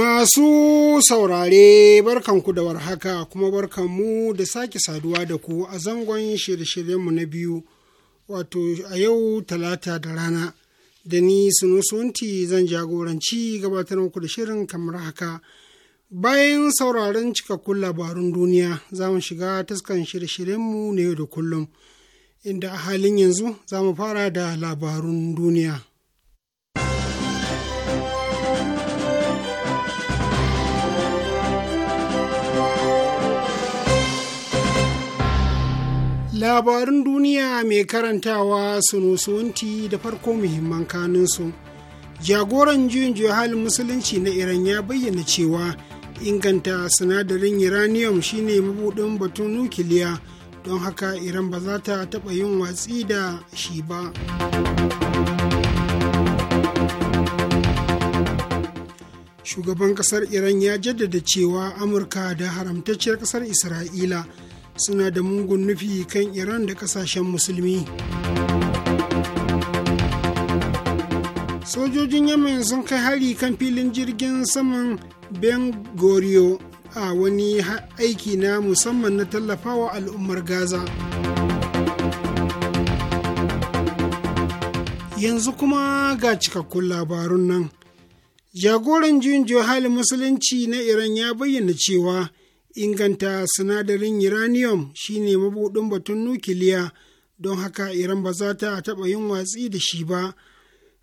Masu saurare barkanku da warhaka kuma barkanmu da sake saduwa da ku a zangon shirye-shiryenmu na biyu wato a yau talata da rana da ni sunusunti zan jagoranci gabatar muku da shirin kamar haka. Bayan sauraron cikakkun labarun duniya za mu shiga taskan shirye-shiryenmu na yau da kullum inda a halin yanzu za mu fara da labarun duniya. Labarin duniya mai karantawa sunusunti da farko muhimman kanunsu. Jagoran juyin halin musulunci na Iran ya bayyana cewa inganta sinadarin uranium shine mabudin batun nukiliya don haka Iran ba za ta taɓa yin watsi da shi ba. Shugaban ƙasar Iran ya jaddada cewa Amurka da haramtacciyar ƙasar Isra'ila. suna da mungun nufi kan iran da kasashen musulmi sojojin yemen sun kai hari kan filin jirgin saman ben gorio a wani aiki na musamman na tallafawa al'ummar gaza yanzu kuma ga cikakkun labarun nan jagoran juyin halin musulunci na iran ya bayyana cewa inganta sinadarin uranium shine mabudin batun nukiliya don haka iran ba za ta taba yin watsi da shi ba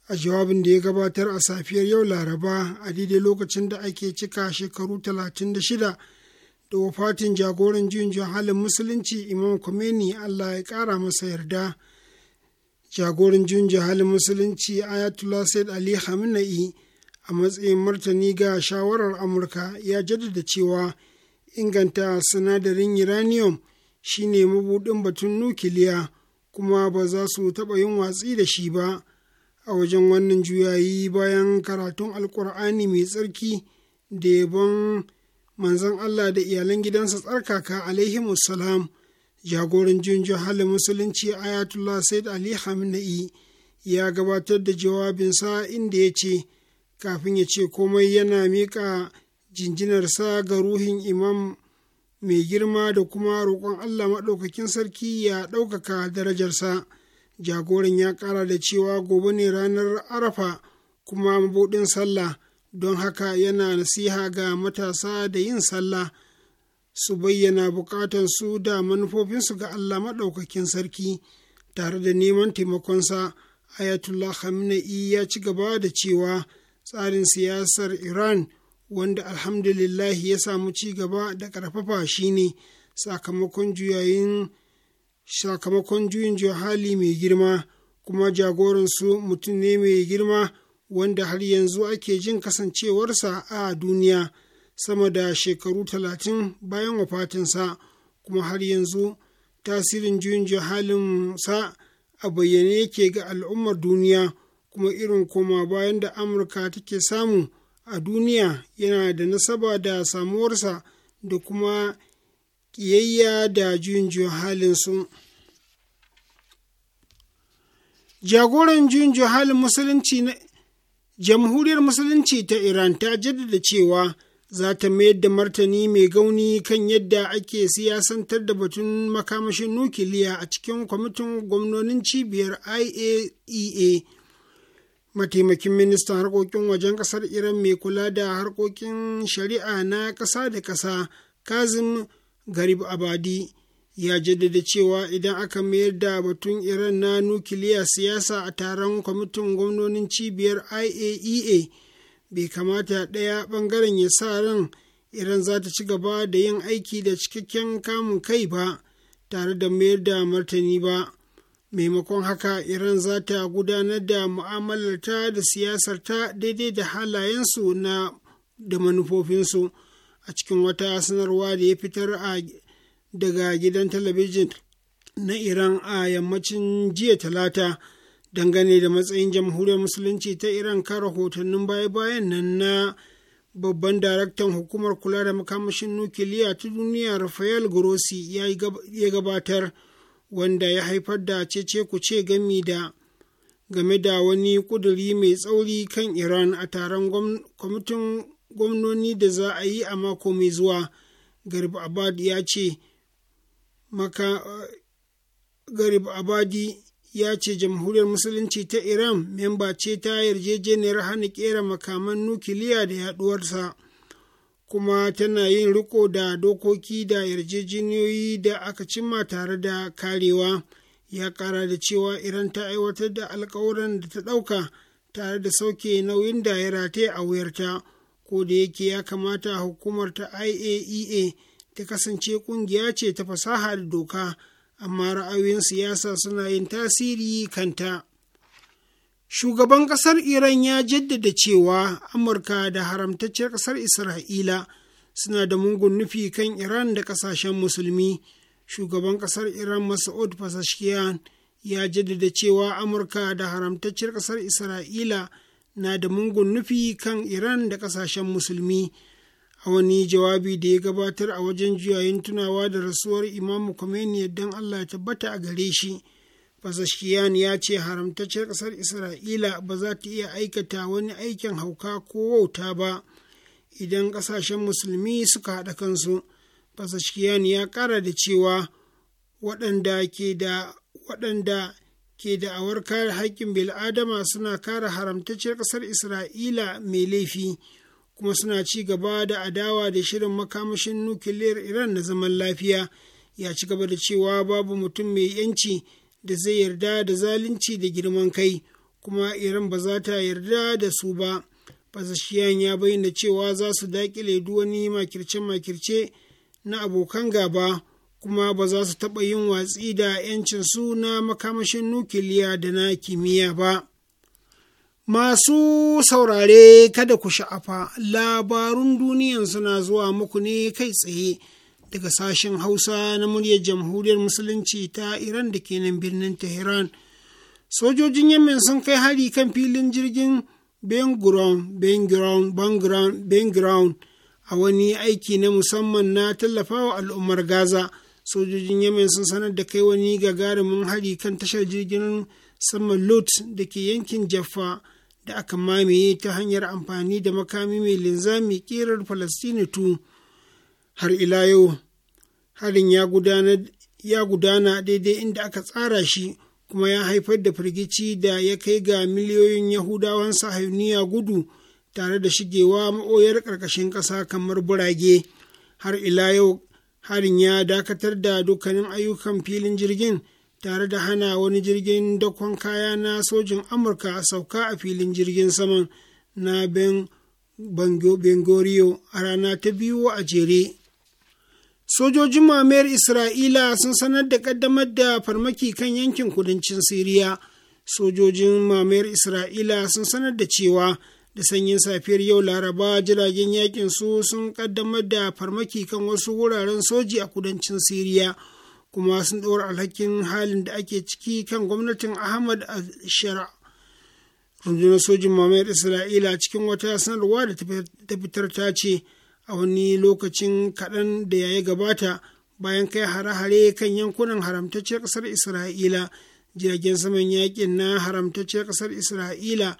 a jawabin da ya gabatar a safiyar yau laraba a daidai lokacin da ake cika shekaru 36 da wafatin jagoran juyin halin musulunci imam Khomeini allah ya kara masa yarda jagoran juyin halin musulunci ayatollah said ali hamina'i a matsayin martani ga shawarar amurka ya jaddada cewa inganta sinadarin uranium shine mabuɗin batun nukiliya kuma ba za su taɓa yin watsi da shi ba a wajen wannan juyayi bayan karatun alkur'ani mai tsarki da yabon manzan Allah da iyalan gidansa tsarkaka alaihi salam jagoran junjo hali musulunci ayatullah said ali hamna'i ya gabatar da jawabinsa inda ya ce kafin ya ce komai yana miƙa jinjinarsa ga ruhin imam mai girma da kuma roƙon Allah maɗaukakin sarki ya ɗaukaka darajarsa. Jagoran ya ƙara da cewa gobe ne ranar Arafa kuma mabuɗin sallah, don haka yana nasiha ga matasa da yin sallah su bayyana bukatansu da manufofinsu ga Allah maɗaukakin sarki tare da neman taimakonsa. Ayatullah Khamenei ya ci gaba da cewa tsarin siyasar Iran wanda alhamdulillahi ya samu ci gaba da ƙarfafa shi ne sakamakon juyayin sakamakon juyin hali mai girma kuma jagoransu mutum ne mai girma wanda har yanzu ake jin kasancewarsa a duniya sama da shekaru talatin bayan wafatinsa kuma har yanzu tasirin juyin sa a bayyane yake ga al'ummar duniya kuma irin koma bayan da amurka take samu a duniya yana da nasaba da samuwarsa da kuma ƙiyayya da juyin juyin halinsu. Jagoran juyin juyin halin musulunci na Jamhuriyar Musulunci ta Iran ta jaddada cewa za ta mayar da martani mai gauni kan yadda ake siyasantar da batun makamashin nukiliya a cikin kwamitin gwamnonin cibiyar IAEA. E mataimakin ministan harkokin wajen kasar iran mai kula da harkokin shari'a na ƙasa da ƙasa kazim garib abadi ya jaddada cewa idan aka mayar da batun iran na nukiliya siyasa a taron kwamitin gwamnonin cibiyar iaea e bai kamata ɗaya ɓangaren ya sa ran iran za ta ci gaba da yin aiki da cikakken kamun kai ba tare da mayar da martani ba maimakon haka iran za ta gudanar da mu'amalarta da siyasarta daidai da halayensu na da manufofinsu a cikin wata sanarwa da ya fitar daga gidan talabijin na iran a yammacin jiya talata dangane da matsayin jamhuriyar musulunci ta iran kan rahotannin baya-bayan nan na babban daraktan hukumar kula da makamashin nukiliya ta duniya rafael grossi ya gabatar wanda ya haifar da cece kuce gami da game da wani kuduri mai tsauri kan iran a taron kwamitin gwamnoni da za a yi a mako mai zuwa garib abadi ya ce maka garib abadi ya ce jamhuriyar musulunci ta iran memba ce ta yarjejeniyar hana kera makaman nukiliya da yaduwarsa kuma tana yin riko da dokoki da yarjejeniyoyi da aka cimma tare da karewa ya kara da cewa iran ta aiwatar da alkawuran da ta ɗauka tare da sauke nauyin da ya rataye a wuyarta ko da yake ya kamata hukumar ta iaea e ta kasance kungiya ce ta fasaha da doka amma ra'ayoyin siyasa suna yin tasiri kanta. shugaban ƙasar iran ya jaddada cewa amurka da haramtacciyar ƙasar isra'ila suna da mugun nufi kan iran da ƙasashen musulmi shugaban ƙasar iran masa'ud fasashkiyan ya jaddada cewa amurka da haramtacciyar ƙasar isra'ila na da mungun nufi kan iran da ƙasashen musulmi a wani jawabi da ya gabatar a wajen juyayin tunawa da rasuwar imamu Khomeini dan allah ya tabbata a gare shi Fasashiyan ya ce haramtaccen ƙasar Isra'ila ba za ta iya aikata wani aikin hauka ko wauta ba idan ƙasashen musulmi suka haɗa kansu. Fasashiyan ya kara da cewa waɗanda ke da waɗanda ke da'awar kare haƙƙin bil'adama suna kare haramtacciyar ƙasar isra'ila mai laifi kuma suna ci gaba da adawa da shirin makamashin nukiliyar iran na zaman lafiya ya ci gaba da cewa babu mutum mai yanci da zai yarda da zalunci da girman kai kuma iran ba za ta yarda da su ba Fasashiyan ya bayyana cewa za su daƙile duwani wani makirce-makirce na abokan gaba kuma ba za su taɓa yin watsi da 'yancin su na makamashin nukiliya da na kimiyya ba. Masu saurare kada ku sha'afa labarun duniyan suna zuwa muku ne kai tsaye daga sashen Hausa na muryar Jamhuriyar Musulunci ta Iran da ke nan birnin Tehran. Sojojin Yemen sun kai hari kan filin jirgin Benground, Benground, Benground, Benground a wani aiki na musamman na tallafawa al'ummar Gaza. Sojojin Yemen sun sanar da kai wani gagarumin hari kan tashar jirgin saman Lut da ke yankin Jaffa da aka mamaye ta hanyar amfani da makami mai linzami ƙirar Falastini 2. har ila yau harin ya gudana, ya gudana daidai inda aka tsara shi kuma ya haifar da firgici da ya kai ga miliyoyin yahudawan sahayuniya gudu tare da shigewa ma'oyar ƙarƙashin ƙasa kamar burage har ila yau harin ya dakatar da dukkanin ayyukan filin jirgin tare da hana wani jirgin dakon kaya na sojin amurka sauka a filin jirgin saman na ben a rana ta biyu a jere sojojin mamayar isra'ila sun sanar da ƙaddamar da farmaki kan yankin kudancin siriya sojojin mamayar isra'ila sun sanar da cewa da sanyin safiyar yau laraba jiragen yakin su sun ƙaddamar da farmaki kan wasu wuraren soji a kudancin siriya kuma sun ɗora alhakin halin da ake ciki kan gwamnatin ahmad al-shara rundunar sojin mamayar isra'ila cikin wata sanarwa da ta fitar ta ce a wani lokacin kaɗan da ya gabata bayan kai hare-hare kan yankunan haramtacciyar ƙasar isra'ila jiragen saman yakin na haramtacciyar ƙasar isra'ila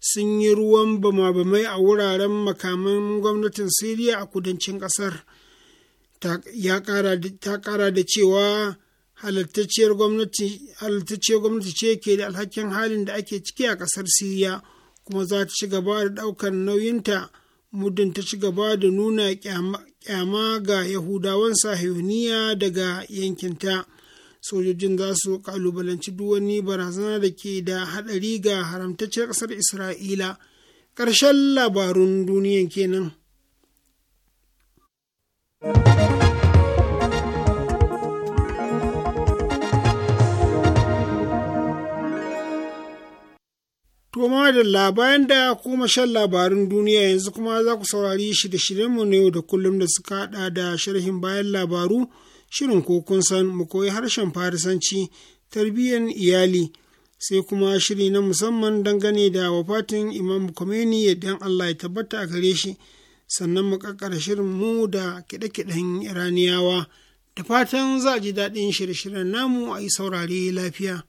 sun yi ruwan bama-bamai a wuraren makaman gwamnatin siriya a kudancin ƙasar ta ƙara da cewa halittacciyar gwamnati ce ke da alhakin halin da ake ciki a ƙasar siriya kuma za ta ci gaba da ɗaukar nauyinta. muddin ta ci gaba da nuna kyama ga yahudawan sahiyoniya daga yankinta sojojin za su kalubalanci duk wani barazana da ke da hadari ga haramtacciyar ƙasar isra'ila ƙarshen labarun duniyan kenan. To da labaran da kuma shan labarun duniya yanzu kuma za ku saurari shirye da na yau da kullum da suka hada da sharhin bayan labaru shirin ko kun san mu koyi harshen farisanci tarbiyyar iyali sai kuma shiri na musamman dangane da wafatin imam Khomeini yadda Allah ya tabbata a gare shi sannan mu kakkara shirin mu da kiɗe-kiɗen iraniyawa da fatan za a ji daɗin shirye-shiryen namu a yi saurare lafiya.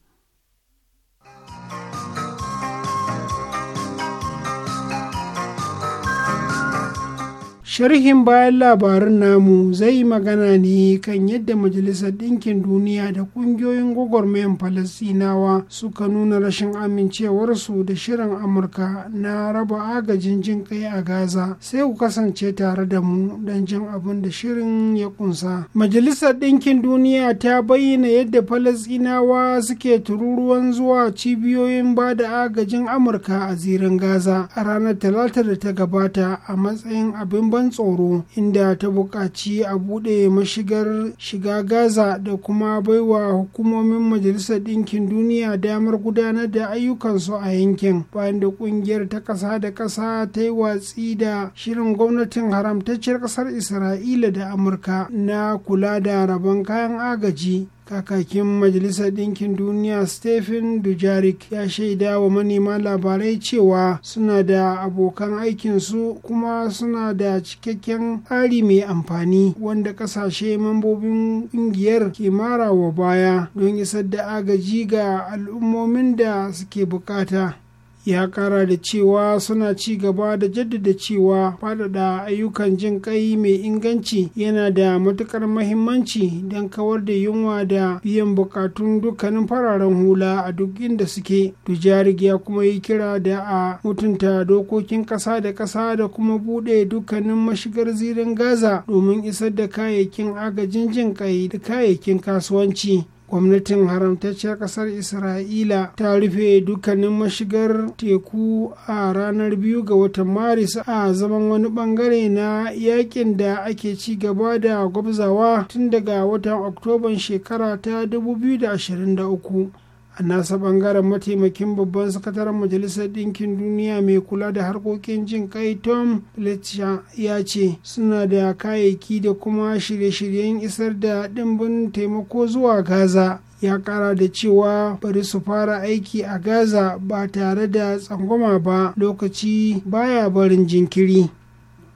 sharhin bayan labarin namu zai magana ne kan yadda majalisar ɗinkin duniya da ƙungiyoyin gwagwarmayan falasinawa suka nuna rashin amincewarsu da shirin amurka na raba agajin jin kai a gaza sai ku kasance tare da mu don jin abin da shirin ya kunsa majalisar ɗinkin duniya ta bayyana yadda falasinawa suke tururuwan zuwa cibiyoyin ba da agajin amurka a zirin gaza a ranar talata da ta gabata a matsayin abin ban tsananin tsoro inda ta buƙaci a buɗe mashigar shiga gaza da kuma baiwa hukumomin majalisar ɗinkin duniya damar gudanar da ayyukansu a yankin bayan da ƙungiyar ta ƙasa da ƙasa ta yi watsi da shirin gwamnatin haramtacciyar ƙasar isra'ila da amurka na kula da rabon kayan agaji kakakin majalisar ɗinkin duniya stephen dujarik ya shaida wa manema labarai cewa suna da abokan aikinsu kuma suna da cikakken tsari mai amfani wanda ƙasashe mambobin ƙungiyar ke marawa baya don isar da agaji ga al'ummomin da suke bukata ya kara da cewa suna ci gaba da jaddada cewa faɗaɗa ayyukan jin ƙai mai inganci yana da matuƙar mahimmanci don kawar da yunwa da biyan bukatun dukkanin fararen hula a duk inda suke dujarig ya kuma yi kira da a mutunta dokokin ƙasa da ƙasa da kuma buɗe dukkanin mashigar zirin gaza domin isar da kayayyakin agajin jin ƙai da kayayyakin kasuwanci gwamnatin haramtacciyar kasar isra'ila ta rufe dukkanin mashigar teku a ranar biyu ga watan maris a zaman wani bangare na yakin da ake ci gaba da gwabzawa tun daga watan oktoban shekara ta 2023 a nasa bangaren mataimakin babban sakataren majalisar ɗinkin duniya mai kula da harkokin jin kai tom fletcher ya ce suna da kayayyaki da kuma shirye-shiryen isar da ɗimbin taimako zuwa gaza ya kara da cewa bari su fara aiki a gaza ba tare da tsangwama ba lokaci baya barin jinkiri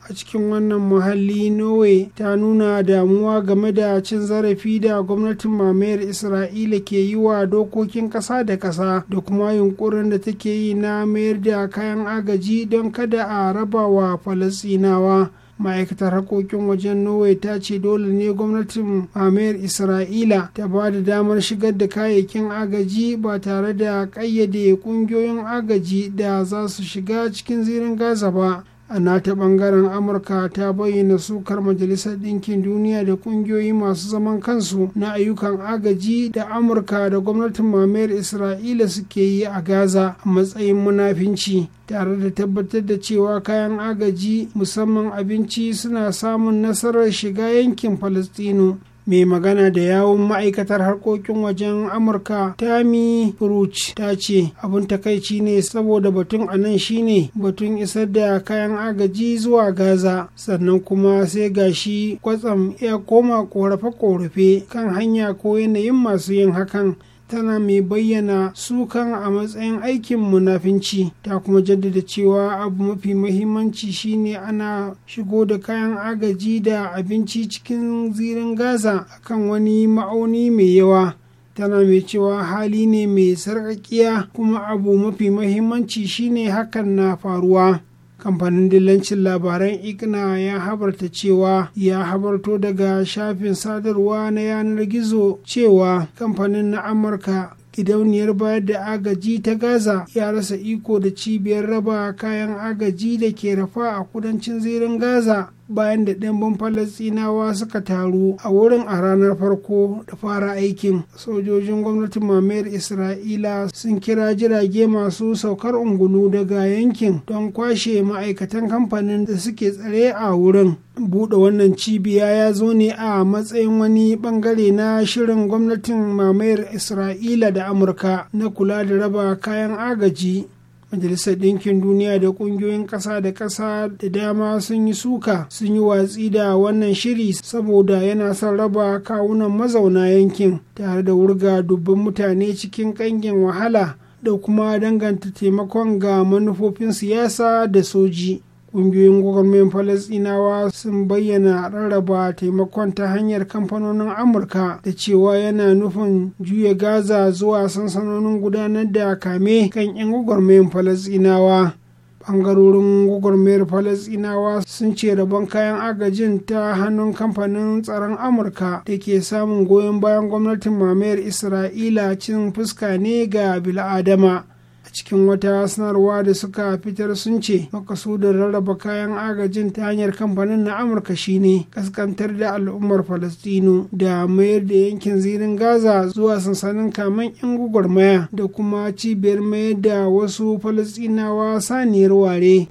a cikin wannan muhalli norway ta nuna damuwa game da cin zarafi da gwamnatin mamayar isra'ila ke yi wa dokokin kasa da kasa da kuma yunkurin da take yi na mayar da kayan agaji don kada a raba wa falasinawa ma'aikatar harkokin wajen norway ta ce dole ne gwamnatin mamayar isra'ila ta ba da damar shigar da kayayyakin agaji ba tare da kayyade ƙungiyoyin agaji da za su shiga cikin zirin gaza ba a nata bangaren amurka ta bayyana sukar majalisar ɗinkin duniya da ƙungiyoyi masu zaman kansu na ayyukan agaji da amurka da gwamnatin mamayar isra'ila suke yi a gaza a matsayin munafinci tare da tabbatar da cewa kayan agaji musamman abinci suna samun nasarar shiga yankin falastinu mai magana da yawon ma'aikatar harkokin wajen amurka Tami fruch ta ce abin takaici ne saboda batun a nan shine batun isar da kayan agaji zuwa gaza sannan kuma sai gashi kwatsam ya koma korafe-korafe kan hanya ko yanayin masu yin hakan tana mai bayyana sukan a matsayin aikin munafinci ta kuma jaddada cewa abu mafi mahimmanci shine ana shigo da kayan agaji da abinci cikin zirin gaza akan wani ma'auni mai yawa tana mai cewa hali ne mai sarƙaƙiya kuma abu mafi mahimmanci shine hakan na faruwa kamfanin dillancin labaran igna ya habarta cewa ya habarto daga shafin sadarwa na yanar gizo cewa kamfanin na amurka gidauniyar bayar da agaji ta gaza ya rasa iko da cibiyar raba kayan agaji da ke rafa a kudancin zirin gaza bayan da ɗimbin falasinawa suka taru a wurin a ranar farko da fara aikin sojojin gwamnatin mamayar isra'ila sun kira jirage masu saukar ungulu daga yankin don kwashe ma'aikatan kamfanin da suke tsare a wurin buɗe wannan cibiya ya zo ne a matsayin wani bangare na shirin gwamnatin mamayar isra'ila da amurka na kula da raba kayan agaji majalisar ɗinkin duniya da ƙungiyoyin ƙasa da ƙasa da dama sun yi suka sun yi watsi da wannan shiri saboda yana son raba kawunan mazauna yankin tare da wurga dubban mutane cikin ƙangin wahala da kuma danganta taimakon ga manufofin siyasa da soji ƙungiyoyin gwagwarmayin falasinawa sun bayyana rarraba taimakon ta hanyar kamfanonin amurka da cewa yana nufin juya gaza zuwa sansanonin gudanar da kame kan 'yan gwagwarmayin falasinawa ɓangarorin gwagwarmayar falasinawa sun ce rabon kayan agajin ta hannun kamfanin tsaron amurka da ke samun goyon bayan gwamnatin mamayar isra'ila cin fuska ne ga bil'adama A cikin wata sanarwa da suka fitar sun ce makasudin rarraba kayan agajin ta hanyar kamfanin na amurka shine kaskantar da al'ummar falastinu da mayar da yankin zirin gaza zuwa sansanin kaman yan gwagwarmaya da kuma cibiyar mayar da wasu falastinawa saniyar ware.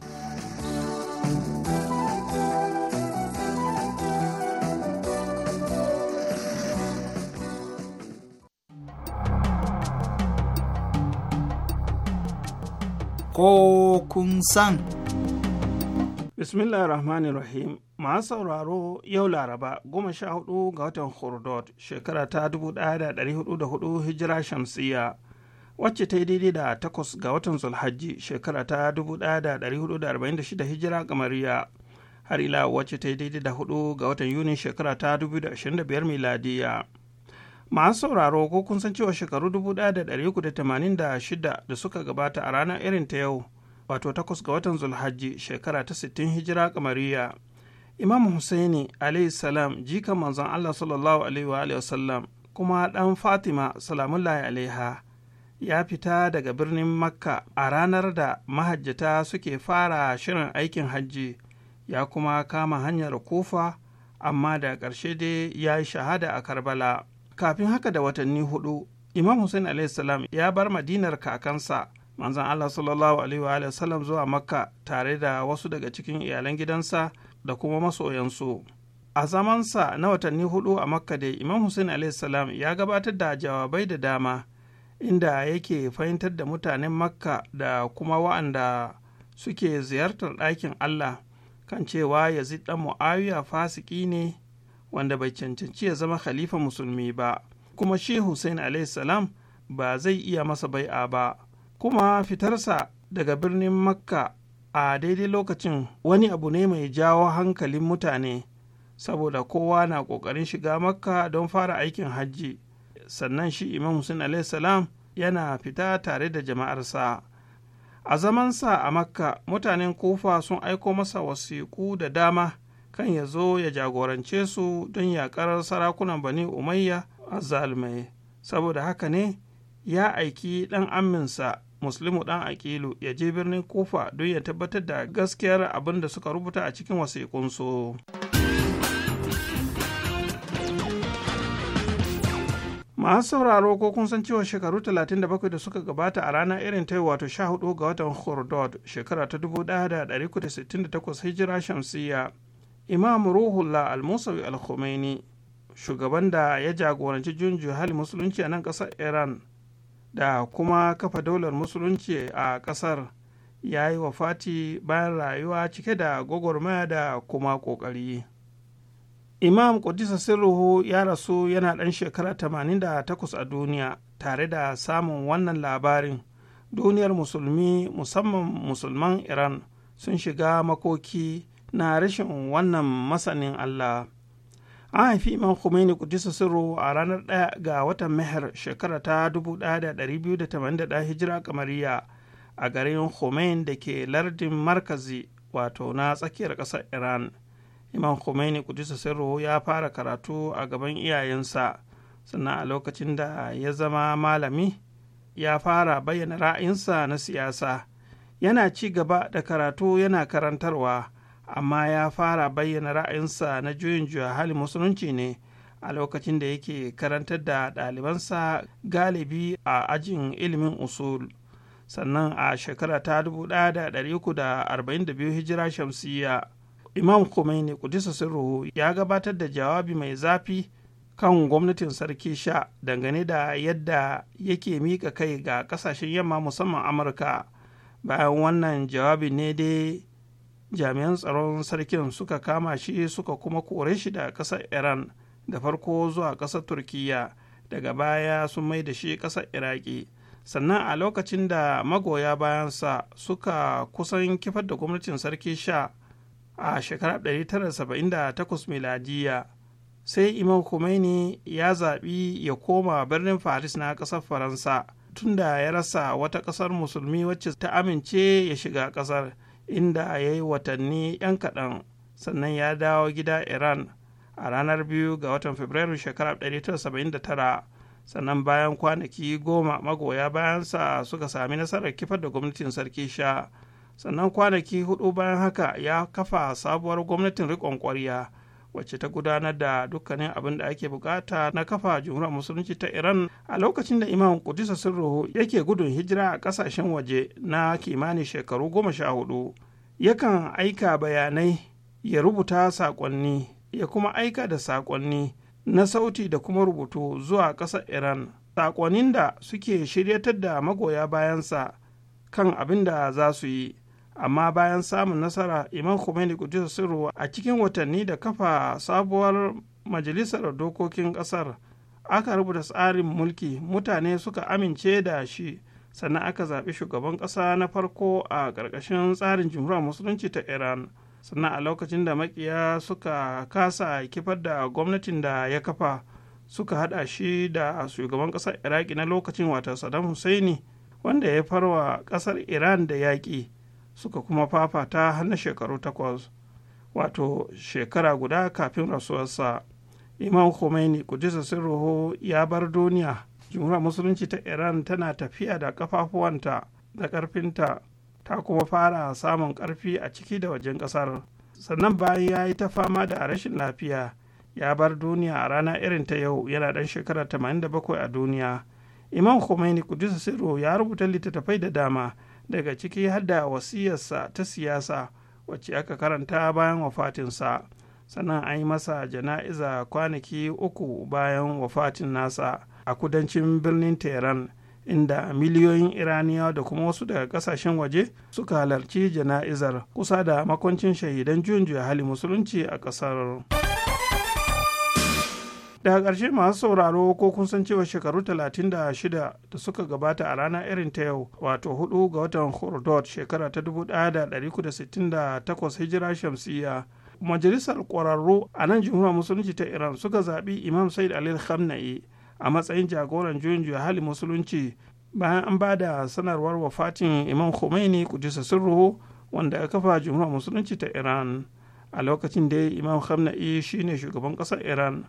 ko kun san. Bismillah ar Rahmanir Rahim Masu sauraro yau Laraba goma sha hudu ga watan Hurdot shekara ta dubu daya da dari hudu da hudu hijira shamsiya wacce ta yi daidai da takwas ga watan Zulhajji shekara ta dubu daya da dari hudu da arba'in da shida hijira kamariya har ila wacce ta yi daidai da hudu ga watan Yuni shekara ta dubu da ashirin da biyar miladiya. masu sauraro ko kun san cewa shekaru 1386 da suka gabata a ranar irin ta yau wato takwas ga watan zulhajji shekara ta 60 hijira kamariya imam husaini alayhi salam jikan manzon allah sallallahu alaihi wa sallam kuma dan fatima salamullahi alaiha ya fita daga birnin makka a ranar da mahajjata suke fara shirin aikin hajji ya kuma kama hanyar kofa amma da ƙarshe dai ya yi shahada a karbala kafin haka da watanni hudu imam hussein salam ya bar madinar kakansa manzan allah sallallahu alaihi wa sallam zuwa makka tare da wasu daga cikin iyalan gidansa da kuma masoyansu a zamansa na watanni hudu a makka da, imam hussein salam ya gabatar da jawabai da dama inda yake fahimtar da mutanen makka da kuma wa'anda suke ziyartar ɗakin allah kan cewa yazid ɗan mu'awiya fasiki ne wanda bai cancanci ya zama khalifa musulmi ba kuma shi hussein salam ba zai iya masa bai'a ba kuma fitarsa daga birnin makka a daidai lokacin wani abu ne mai jawo hankalin mutane saboda kowa na ƙoƙarin shiga makka don fara aikin hajji sannan shi imam hussein salam yana fita tare da jama'arsa a zamansa a makka mutanen kufa sun aiko masa wasiƙu da dama kan ya zo ya jagorance su don yaƙar sarakunan bani umayya a zalmaye saboda haka ne ya aiki ɗan aminsa muslimu ɗan aƙilu ya je birnin kufa don ya tabbatar da gaskiyar abin da suka rubuta a cikin wasiƙunsu. masu sauraro ko kun san cewa shekaru 37 da suka gabata a rana irin ta wato 14 ga watan hordod shekara ta 1968 hijira shamsiyya imam ruhullah al-musawi al-khomeini shugaban da ya jagoranci junju hali musulunci a nan ƙasar iran da kuma kafa daular musulunci a ƙasar ya yi wa fati bayan rayuwa cike da gwagwarmaya da kuma ƙoƙari imam kudisa sirruhu ya rasu yana ɗan shekara 88 a duniya tare da samun wannan labarin duniyar musulmi musamman musulman iran sun shiga makoki na rashin wannan masanin Allah. An haifi Imam Khomeini Kudisa a ranar ɗaya ga watan Meher shekara ta 1281 hijira kamariya a garin Khomeini da ke lardin markazi wato na tsakiyar ƙasar Iran. Imam Khomeini Kudisa ya fara karatu a gaban iyayensa sannan a lokacin da ya zama malami ya fara bayyana ra'ayinsa na siyasa. Yana ci gaba da karatu yana karantarwa. amma ya fara bayyana ra'ayinsa na juyin juya halin musulunci ne a lokacin da yake karantar da ɗalibansa galibi a ajin ilimin usul sannan a shekara ta 1342 hijira shamsiyya imam khomeini kudisa sirruhu ya gabatar da jawabi mai zafi kan gwamnatin sarki sha dangane da yadda yake mika kai ga kasashen yamma musamman amurka bayan wannan jawabi ne dai jami'an tsaron sarkin suka kama shi suka kuma kore shi da ƙasar iran da farko zuwa ƙasar turkiya daga baya sun mai da shi ƙasar iraki sannan a lokacin da magoya bayansa suka kusan kifar da gwamnatin sarki sha a shekarar 1978 miladiya sai imam Khomeini ya zaɓi ya koma birnin faris na ƙasar faransa tunda ya rasa wata ƙasar musulmi wacce ta amince ya shiga ƙasar inda ya yi watanni 'yan kaɗan sannan ya dawo gida iran a ranar biyu ga watan fabrairu shekarar 1979 sannan bayan kwanaki goma magoya bayansa suka sami nasarar kifar da gwamnatin sarki sha sannan kwanaki hudu bayan haka ya kafa sabuwar gwamnatin riƙon ƙwarya wacce ta gudanar da dukkanin abin da ake bukata na kafa jumhuriyar musulunci ta iran a lokacin da imam kudisa sirruhu yake gudun hijira a kasashen waje na kimanin shekaru goma sha hudu yakan aika bayanai ya rubuta saƙonni ya kuma aika da saƙonni na sauti da kuma rubutu zuwa ƙasar iran saƙonnin da suke shiryatar da magoya bayansa kan abin da za su yi amma bayan samun nasara imam khomeini kudus sirru a cikin watanni da kafa sabuwar majalisar dokokin kasar aka rubuta tsarin mulki mutane suka amince da shi sannan aka zaɓi shugaban ƙasa na farko a ƙarƙashin tsarin jumhuriyar musulunci ta iran sannan a lokacin da makiya suka kasa kifar da gwamnatin da ya kafa suka haɗa shi da shugaban ƙasar iraki na lokacin wata saddam husaini wanda ya farwa ƙasar iran da yaƙi suka kuma fafata har na shekaru takwas wato shekara guda kafin rasuwarsa imam khomeini kudisa sirruhu ya bar duniya jumhuriyar musulunci ta iran tana tafiya da kafafuwanta da karfinta ta kuma fara samun karfi a ciki da wajen kasar sannan bayan ya yi ta fama da rashin lafiya ya bar duniya a rana irin ta yau yana dan shekara 87 a duniya imam khomeini kudisa sirruhu ya rubuta littattafai da dama daga ciki har da wasiyarsa ta siyasa wacce aka karanta bayan wafatinsa sannan an yi masa jana'iza kwanaki uku bayan wafatin nasa a kudancin birnin tehran inda miliyoyin iraniya da kuma wasu daga kasashen waje suka halarci jana'izar kusa da makwancin shahidan juyin hali musulunci a kasar. daga ƙarshe masu sauraro ko kun san cewa shekaru 36 da suka gabata a rana irin ta yau wato 4 ga watan hurdot shekara ta 1968 hijira shamsiyya majalisar ƙwararru a nan jimhuriyar musulunci ta iran suka zaɓi imam said alil khamna'i a matsayin jagoran juyin juya hali musulunci bayan an ba da sanarwar wafatin imam khomeini kudisa sirruhu wanda ya kafa jumhuriyar musulunci ta iran a lokacin da imam khamna'i shine shugaban ƙasar iran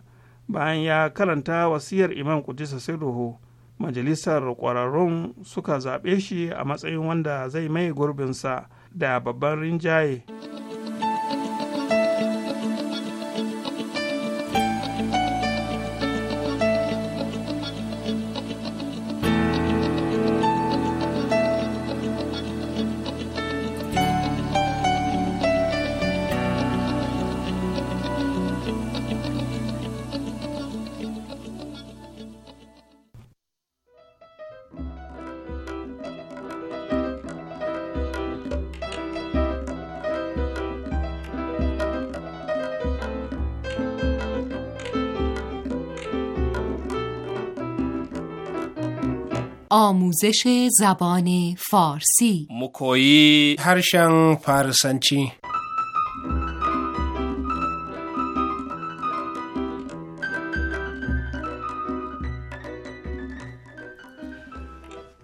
bayan ya karanta wasiyar imam kudisa sirruhu majalisar kwararrun suka zaɓe shi a matsayin wanda zai mai gurbinsa da babban rinjaye. آموزش زبان فارسی harshen هرشن فارسنچی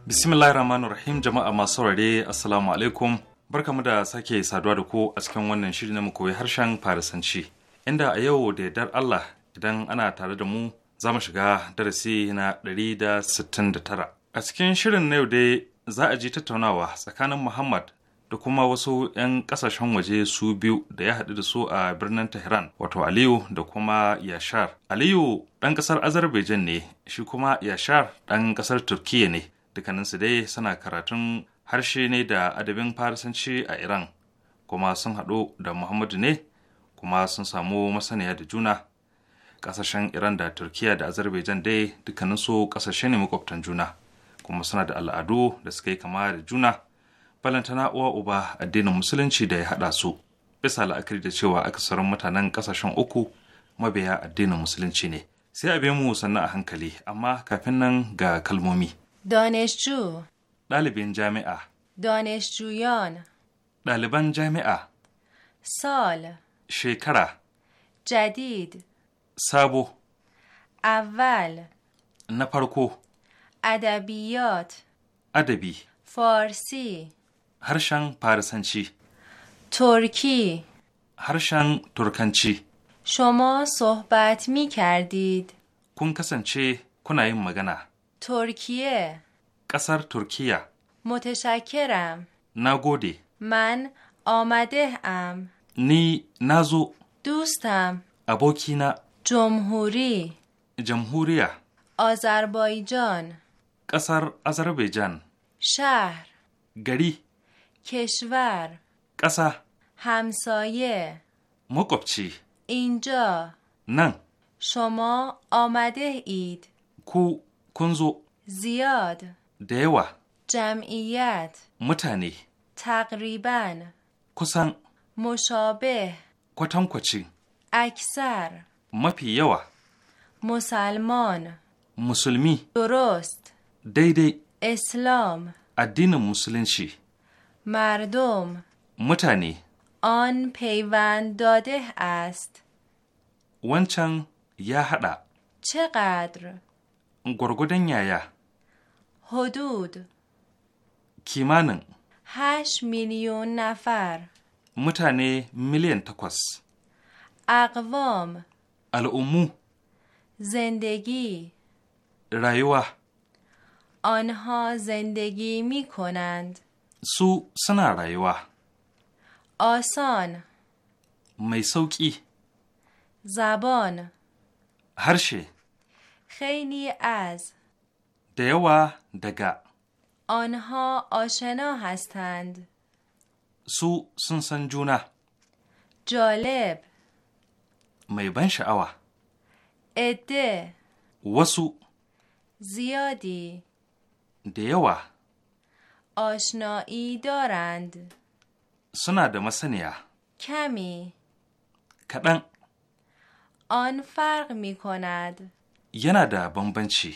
bismillahir rahmanir rahim jama'a masu saurare assalamu alaikum barkamu da sake saduwa da ku a cikin wannan shiri na mu koyi harshen farisanci inda a yau da yardar allah idan ana tare da mu za mu shiga darasi na 169 A cikin shirin na yau dai za a ji tattaunawa tsakanin Muhammad da kuma wasu 'yan kasashen waje su biyu da ya haɗu da su a birnin Tehran, wato Aliyu da kuma Yashar. Aliyu ɗan ƙasar Azerbaijan ne, shi kuma Yashar ɗan ƙasar Turkiyya ne. Dukkaninsu dai suna karatun harshe ne da adabin Farisanci a Iran, kuma sun haɗu da Muhammadu ne, kuma sun samu masaniya da juna. Ƙasashen Iran da Turkiyya da Azerbaijan dai dukkaninsu ƙasashe ne makwabtan juna. kuma suna da al'adu da suka yi kama da juna balantana uwa uba addinin musulunci da ya haɗa su bisa la'akari da cewa akasarin mutanen ƙasashen uku mabiya addinin musulunci ne sai a mu sannan a hankali amma kafin nan ga kalmomi دانشجو ɗalibin jami'a ɗaliban jami'a sol. shekara jadid sabo aval na farko ادبیات ادبی فارسی هرشان پارسنچی ترکی هرشان ترکنچی شما صحبت می کردید کن کن کنای مگنه ترکیه قصر ترکیه متشکرم نگودی من آمده ام نی نزو دوستم ابوکینا جمهوری جمهوریه آذربایجان قصر آذربایجان شهر گری کشور قصر همسایه مقبچی اینجا نه شما آمده اید کو کنزو زیاد دیوا جمعیت متنی تقریبا کسان مشابه کتان کچی اکثر مپیوا مسلمان مسلمی درست daidai islam addinin musulunci mardom mutane on paivan dodeh ast wancan ya haɗa cikadr gwargwadon yaya hudud kimanin hash miliyon nafar mutane miliyan takwas agvom al'ummu zindagi rayuwa آنها زندگی می کنند سو سنا رایوا آسان می سوکی زبان هرشه خیلی از دیوا دگا آنها آشنا هستند سو سنسنجونه جالب می ban اده وسو. زیادی. da yawa Oshnoi dorand suna da masaniya kami kaɗan on farmi konad yana da bambanci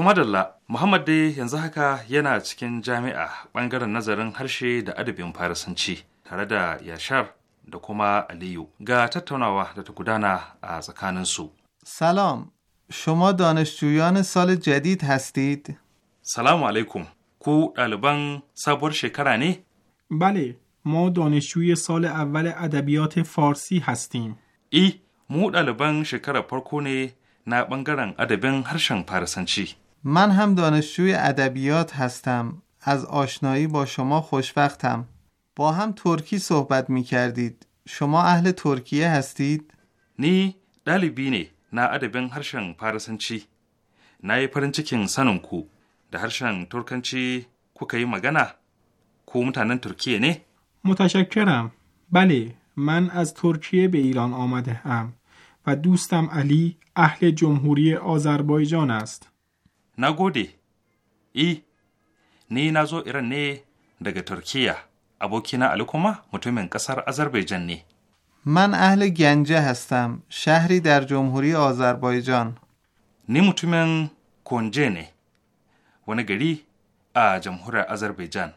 To madalla, Muhammad dai yanzu haka yana cikin jami'a ɓangaren nazarin harshe da adabin Farisanci tare da Yashar da kuma Aliyu ga tattaunawa da ta gudana a tsakaninsu. Salam, shuma دانشجویان سال jadid hastid. salamu alaikum. ku ɗaliban sabuwar shekara ne? bale mu دانشجوی سال اول ادبیات farsi hastin. I, eh, mu ɗaliban shekarar farko ne na ɓangaren adabin harshen Farisanci. من هم دانشجوی ادبیات هستم از آشنایی با شما خوشبختم با هم ترکی صحبت می کردید شما اهل ترکیه هستید؟ نی دلی نه نا ادبین هرشن پارسنچی نای پرنچکین سننکو کو ده هرشن ترکنچی کو کهی مگنا کو متانن ترکیه نه؟ متشکرم بله من از ترکیه به ایران آمده هم و دوستم علی اهل جمهوری آذربایجان است Na gode, I, ni na zo iran ne daga Turkiya. abokina Ali kuma mutumin ƙasar Azerbaijan ne. Man ahli Gyanje hastam, shahri dar jomhuri Ni mutumin Konje ne, wani gari a jamhuriyar Azerbaijan.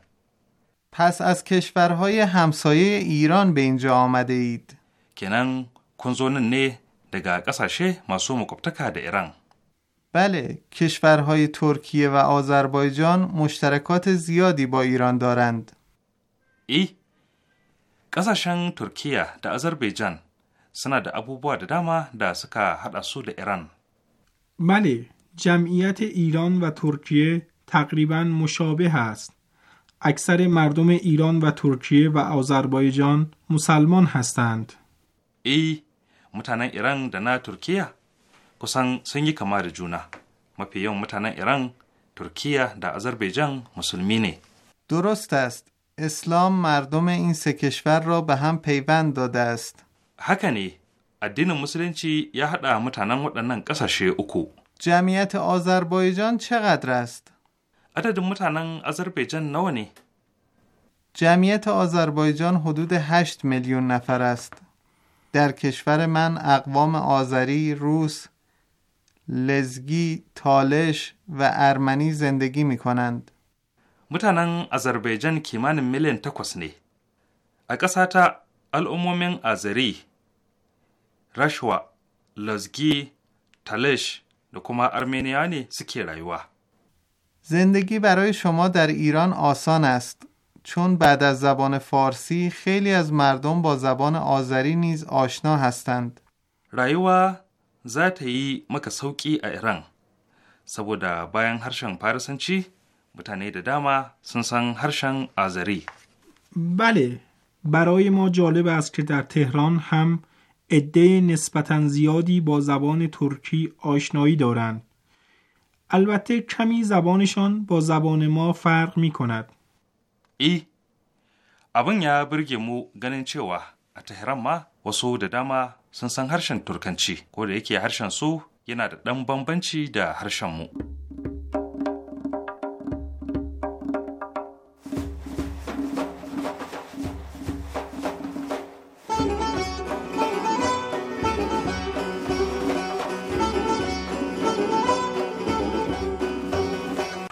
پس از کشورهای همسایه ایران به اینجا آمده اید. کنن کنزون نه دگا قصاشه ماسو مکبتکا ده ایران. بله کشورهای ترکیه و آذربایجان مشترکات زیادی با ایران دارند ای قزاشان ترکیه و آذربایجان سنا دا ابوبوا در داما دا سکا حد سو بله جمعیت ایران و ترکیه تقریبا مشابه است. اکثر مردم ایران و ترکیه و آذربایجان مسلمان هستند. ای متن ایران نه ترکیه kusan sun yi kama da juna mafi yawan ایران ترکیه در آذربایجان مسلمی نه درست است اسلام مردم این سه کشور را به هم پیوند داده است حکنی الدین چی یا حدا متانن ودنن قساشه اکو؟ جمعیت آذربایجان چقدر است عدد متانن آذربایجان نو نه جمعیت آذربایجان حدود 8 میلیون نفر است در کشور من اقوام آذری، روس، لزگی، تالش و ارمنی زندگی می کنند. متنان آذربایجان کیمان میلیون تکوس نه. تا الامومین آذری، رشوا، لزگی، تالش نکوما ارمنیانی سکی رایوا زندگی برای شما در ایران آسان است چون بعد از زبان فارسی خیلی از مردم با زبان آذری نیز آشنا هستند. رایوا za ta yi maka sauƙi a Iran, saboda bayan داما، Farisanci mutane da بله، برای ما جالب است که در تهران هم عده نسبتا زیادی با زبان ترکی آشنایی دارند. البته کمی زبانشان با زبان ما فرق می کند. ای، ابن یا برگی مو گنین چه و تهران ما وسو دداما sun san harshen turkanci ko da yake harshen su yana da ɗan bambanci da harshen mu.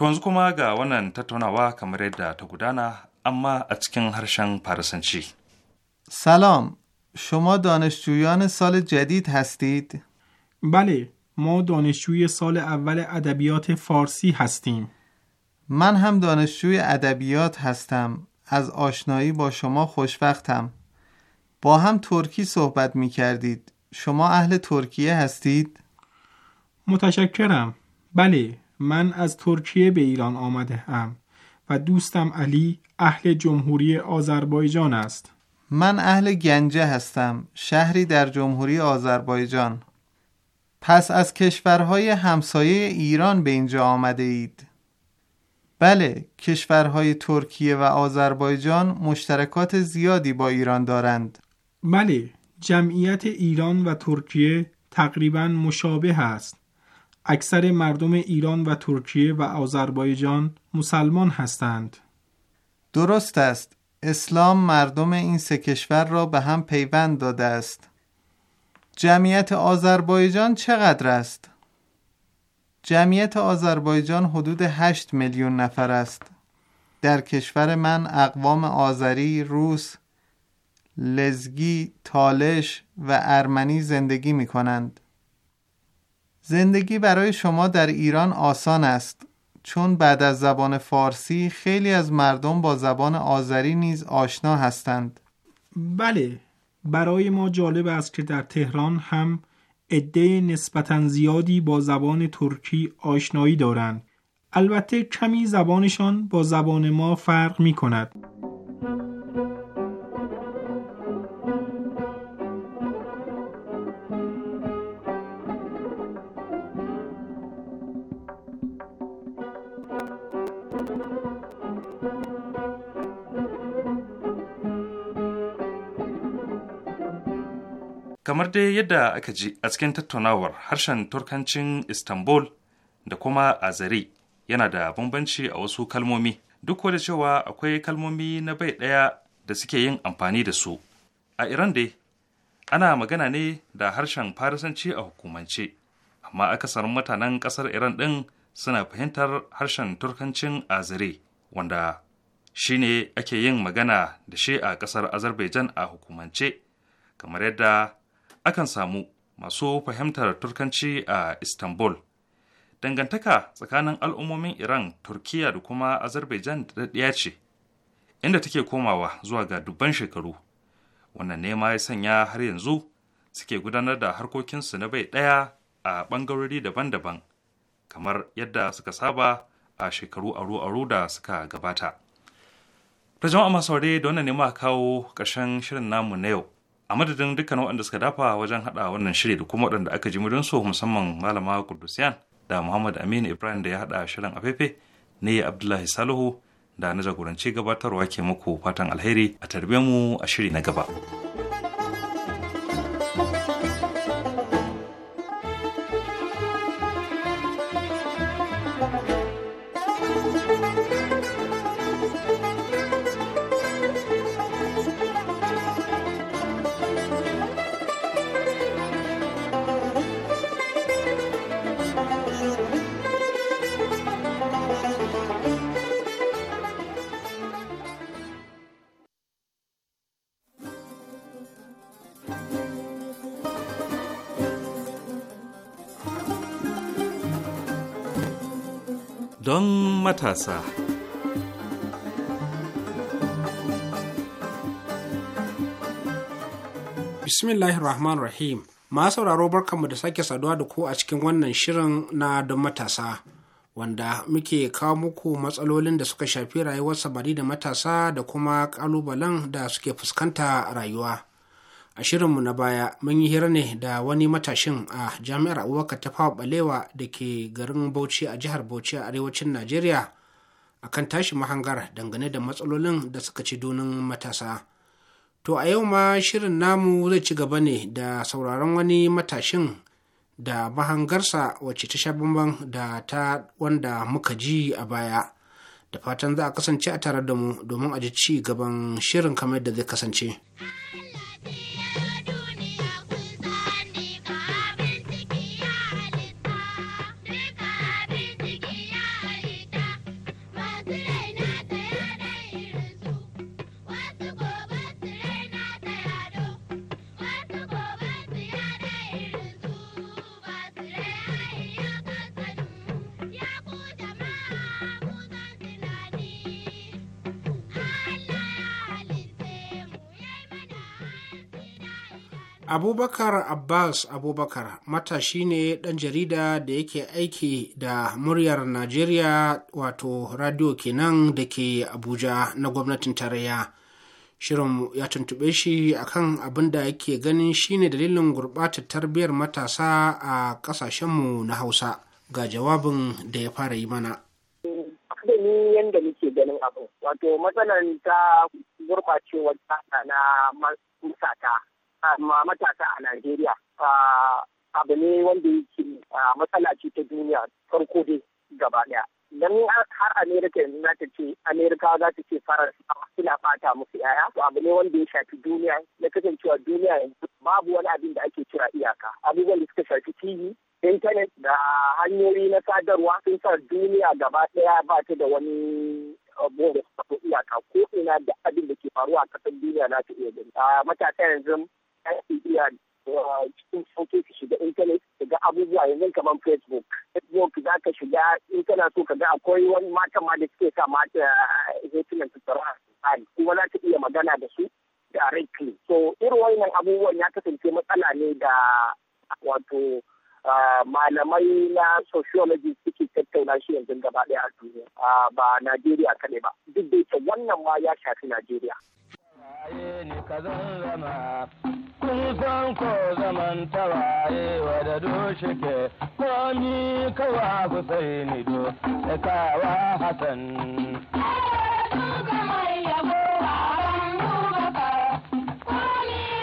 yanzu kuma ga wannan tattaunawa kamar yadda ta gudana amma a cikin harshen Farisanci. Salam. شما دانشجویان سال جدید هستید؟ بله ما دانشجوی سال اول ادبیات فارسی هستیم من هم دانشجوی ادبیات هستم از آشنایی با شما خوشوقتم با هم ترکی صحبت می کردید شما اهل ترکیه هستید؟ متشکرم بله من از ترکیه به ایران آمده ام و دوستم علی اهل جمهوری آذربایجان است من اهل گنجه هستم شهری در جمهوری آذربایجان پس از کشورهای همسایه ایران به اینجا آمده اید بله کشورهای ترکیه و آذربایجان مشترکات زیادی با ایران دارند بله جمعیت ایران و ترکیه تقریبا مشابه است اکثر مردم ایران و ترکیه و آذربایجان مسلمان هستند درست است اسلام مردم این سه کشور را به هم پیوند داده است جمعیت آذربایجان چقدر است؟ جمعیت آذربایجان حدود 8 میلیون نفر است در کشور من اقوام آذری، روس، لزگی، تالش و ارمنی زندگی می کنند. زندگی برای شما در ایران آسان است چون بعد از زبان فارسی خیلی از مردم با زبان آذری نیز آشنا هستند بله برای ما جالب است که در تهران هم عده نسبتا زیادی با زبان ترکی آشنایی دارند البته کمی زبانشان با زبان ما فرق می کند kamar dai yadda aka ji a cikin tattaunawar harshen turkancin istanbul da kuma azare yana da bambanci a wasu kalmomi duk da cewa akwai kalmomi na bai ɗaya da suke yin amfani da su a iran dai ana magana ne da harshen farisanci a hukumance amma akasarin mutanen ƙasar iran ɗin suna fahimtar harshen turkancin azare wanda shi ne ake yin magana da shi a ƙasar azerbaijan a hukumance kamar yadda akan samu masu fahimtar turkanci a istanbul dangantaka tsakanin al'ummomin iran turkiya da kuma azerbaijan daɗaɗɗiya ce inda take komawa zuwa ga dubban shekaru wannan nema ya sanya har yanzu suke gudanar da harkokinsu na bai ɗaya a ɓangarori daban-daban kamar yadda suka saba a shekaru aro-aro da suka gabata. Da jama'a masu da wannan nema ma kawo ƙarshen shirin namu na yau a madadin dukkan waɗanda suka dafa wajen haɗa wannan shiri da kuma waɗanda aka ji murin so musamman malama kudusiyan da muhammad aminu ibrahim da ya haɗa shirin afefe ne abdullahi salihu da na jagoranci gabatarwa ke muku fatan alheri a tarbiyyar mu a shiri na gaba. don matasa. Bismillahirrahmanirrahim. rahman Rahim. Ma sauraro barkanmu da sake saduwa da ku a cikin wannan shirin na don matasa. Wanda muke kawo muku matsalolin da suka shafi rayuwar sabari da matasa da kuma ƙalubalen da suke fuskanta rayuwa. a shirinmu na baya mun yi hira ne da wani matashin a jami'ar abubakar ta fawa balewa da ke garin bauchi a jihar bauchi a arewacin najeriya a kan tashi mahangar dangane da matsalolin da suka ci dunin matasa to a yau ma shirin namu zai ci gaba ne da sauraron wani matashin da mahangarsa wacce ta sha bamban da ta wanda muka ji a baya da fatan za a kasance a tare da mu domin a ji ci gaban shirin kamar da zai kasance. abubakar abbas abubakar matashi ne dan jarida da yake aiki da muryar najeriya wato radio kenan da ke abuja na gwamnatin tarayya shirin ya tuntube shi akan abin da yake ganin shine dalilin gurbata tarbiyyar matasa a mu na hausa ga jawabin da ya fara yi mana ni yadda muke ganin abu wato matsalar ta gurɓacewar na matata a matasa a Najeriya abu ne wanda yake matsala ce ta duniya farko dai gaba daya. Dan har Amerika yanzu za ta ce Amerika za ta ce fara suna fata musu yaya to abu ne wanda ya shafi duniya na kasancewa duniya yanzu babu wani abin da ake cira iyaka abubuwan da suka shafi TV internet. da hanyoyi na sadarwa sun sa duniya gaba ɗaya ba ta da wani bonus uh, ko iyaka ko ina da abin da ke faruwa a kasar duniya na ta iya gani. matasa yanzu ake iya cikin ka shiga intanet ka ga abubuwa yanzu kamar facebook facebook za ka shiga in kana so ka ga akwai wani mata ma da suke sa mata hotunan su tsara kuma za ka iya magana da su directly so irin wannan abubuwan ya kasance matsala ne da wato malamai na sociology suke tattauna shi yanzu gaba ɗaya a duniya ba Najeriya kaɗai ba duk da wannan ma ya shafi Najeriya. kun san ko zaman tawaye da doshe ke komi kawa ni do da kawa Hassan. Komi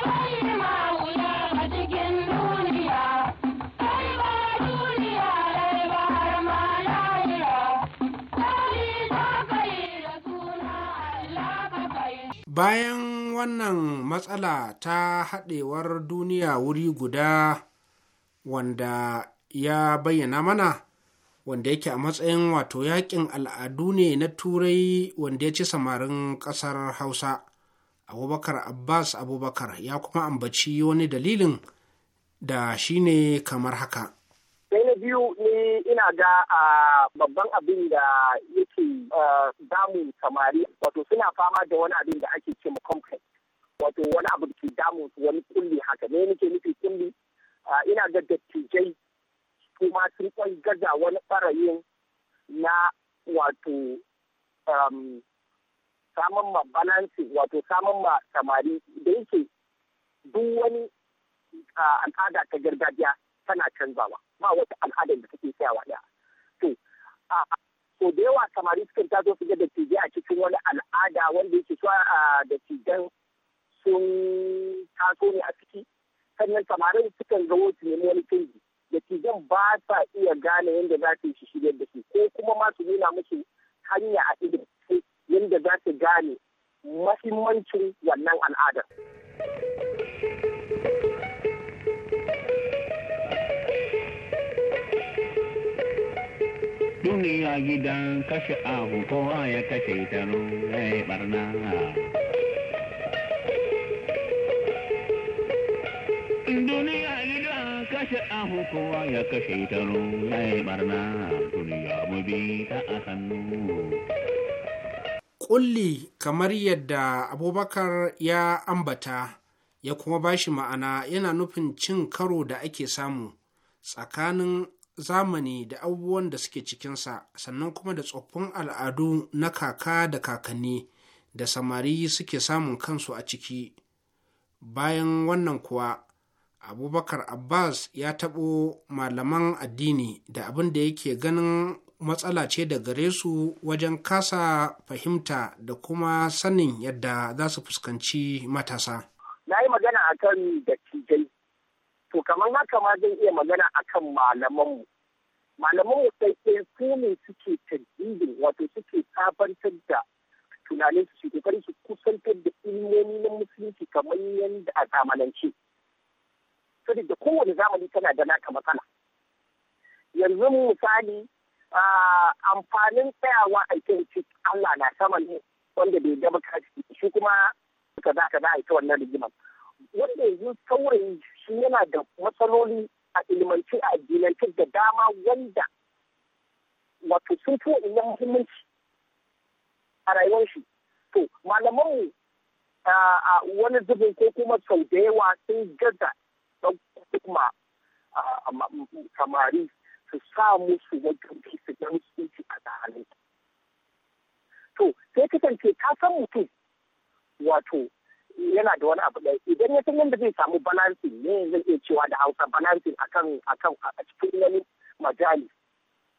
wani ma a cikin bayan wannan matsala ta haɗewar duniya wuri guda wanda ya bayyana mana wanda yake a matsayin wato yakin al'adu ne na turai wanda ya ci samarin ƙasar hausa abubakar abbas abubakar ya kuma ambaci wani dalilin da shine kamar haka sai na biyu ni ina ga a babban abin da yake damun samari wato suna fama da wani abin da ake ce complex wato wani abu da ke damun wani kulli haka ne nake nufi kulli ina ga dattijai kuma sun kwan gaza wani barayin na wato samun ma balansi wato samun ma samari da yake duk wani al'ada ta gargajiya tana canzawa ba wata al'adar da take tsayawa ɗaya to a so da yawa samari sukan taso su ga da a cikin wani al'ada wanda yake so da tijan sun taso ne a ciki sannan samarin sukan zo su nemi wani canji da tijan ba sa iya gane yadda za su yi shi da su ko kuma ma su nuna musu hanya a ido yadda za su gane mahimmancin wannan al'adar. duniya gidan kashe ahu kowa ya kashe ta ya yi barna duniya gidan kashe ahu kowa ya kashe ta ya yi barna duniya mu bi ta a sannu kulli kamar yadda abubakar ya ambata ya kuma bashi ma'ana yana nufin cin karo da ake samu tsakanin zamani da abubuwan da suke cikinsa sannan kuma da tsoffin al'adu na kaka da kakanni da samari suke samun kansu a ciki bayan wannan kuwa abubakar abbas ya taɓo malaman addini da abin da yake ganin matsala ce da gare su wajen kasa fahimta da kuma sanin yadda za su fuskanci matasa na yi magana a kan dattijai To kamar haka ma zan iya magana a kan malamanmu. Malamanmu sai ɗaya su ne suke tajibin wato suke sabantar da tunanin su suke su kusantar da ilmomi na musulunci kamar yadda a zamanance. da kowane zamani tana da naka matsala. Yanzu misali amfanin tsayawa a cikin Allah na sama ne wanda bai gaba kashi shi kuma kaza kaza a ita wannan rigimar. Wanda yanzu saurayin shi yana da matsaloli a ilimance a addinance da dama wanda wato sun fi muhimmanci a rayuwar shi to malaman mu a wani zubin ko kuma sau da yawa sun gaza kuma samari su sa musu wajen su don su ci a halin to sai kasance ta san mutum wato yana da wani abu ɗaya idan ya san yadda zai samu balancing ne zai iya cewa da hausa balancing akan akan a cikin wani majali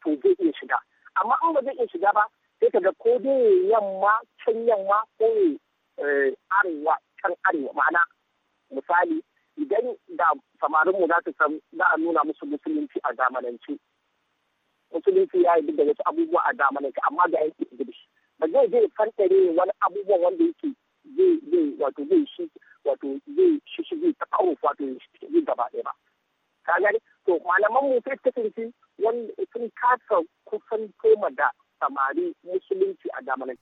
to zai iya shiga amma in ba zai iya shiga ba sai ka ga ko dai yamma can yamma ko eh, arewa can arewa ma'ana misali idan da samarin mu za su san za a nuna musu musulunci a zamanance musulunci ya yi duk da wasu abubuwa a zamanance amma ga yanki ingilishi ba zai je fantare wani abubuwan wanda yake zai zai wato zai shi wato zai shi shi zai takawo wato shi gaba ɗaya ba ka gani to malaman mu sai kasance wanda sun kasa koma da samari musulunci a zamanance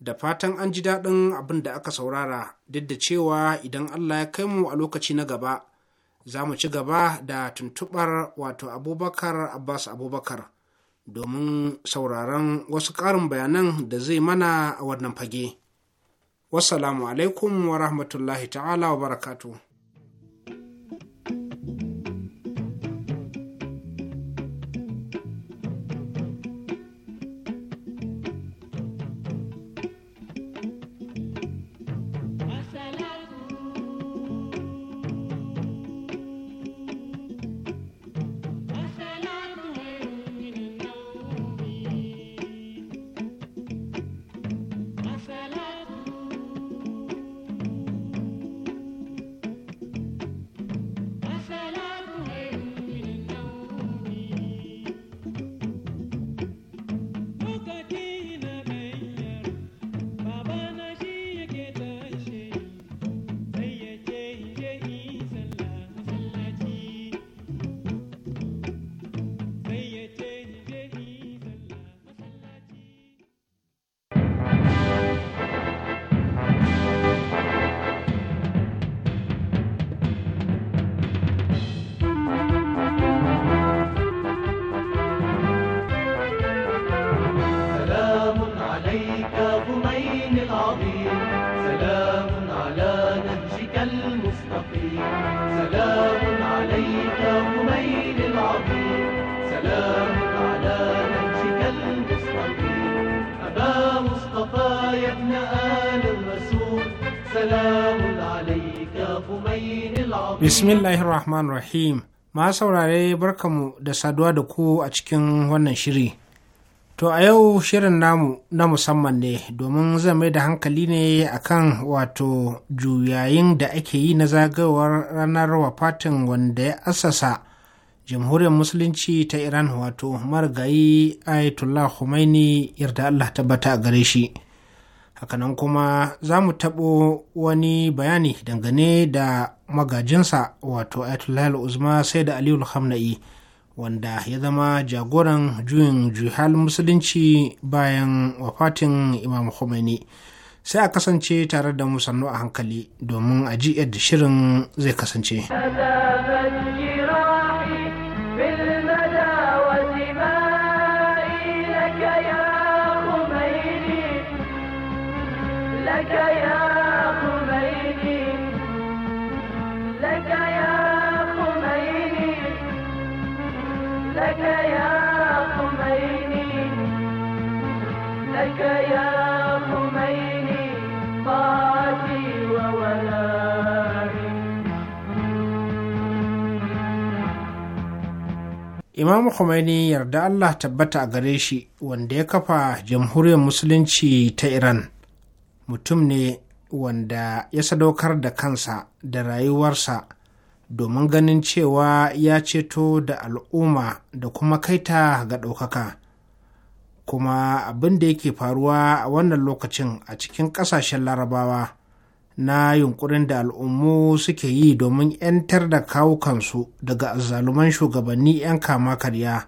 da fatan an ji daɗin abin da aka saurara duk da cewa idan Allah ya kai mu a lokaci na gaba za mu ci gaba da tuntuɓar wato abubakar abbas abubakar domin sauraron wasu ƙarin bayanan da zai mana a wannan fage wassalamu alaikum wa rahmatullahi ta'ala wa barakatuh Rahman Rahim. Ma saurare barkamu da saduwa da ku a cikin wannan shiri. To a yau shirin namu na musamman ne domin zan mai da hankali ne akan wato juyayin da ake yi na zagayowar ranar wafatin wanda ya asasa jamhuriyar musulunci ta Iran wato marigayi Ayatollah Khomeini yarda Allah tabbata a gare shi. hakanan kuma za mu taɓo wani bayani dangane da magajinsa wato ayatollah uzma sai da aliyu hamna'i wanda ya zama jagoran juyin juhal musulunci bayan wafatin imam khomeini sai a kasance tare da musannu a hankali domin a ji yadda shirin zai kasance. لك يا خميني لك يا خميني طاعتي Imam Khomeini yarda Allah tabbata a gare shi wanda ya kafa jamhuriyar musulunci ta Iran mutum ne wanda ya sadaukar da kansa da rayuwarsa domin ganin cewa ya ceto da al'umma da kuma kaita ga ɗaukaka kuma abin da yake faruwa a wannan lokacin a cikin ƙasashen larabawa na yunkurin da al'ummu suke yi domin 'yantar da kawukansu daga azzaluman shugabanni 'yan kama karya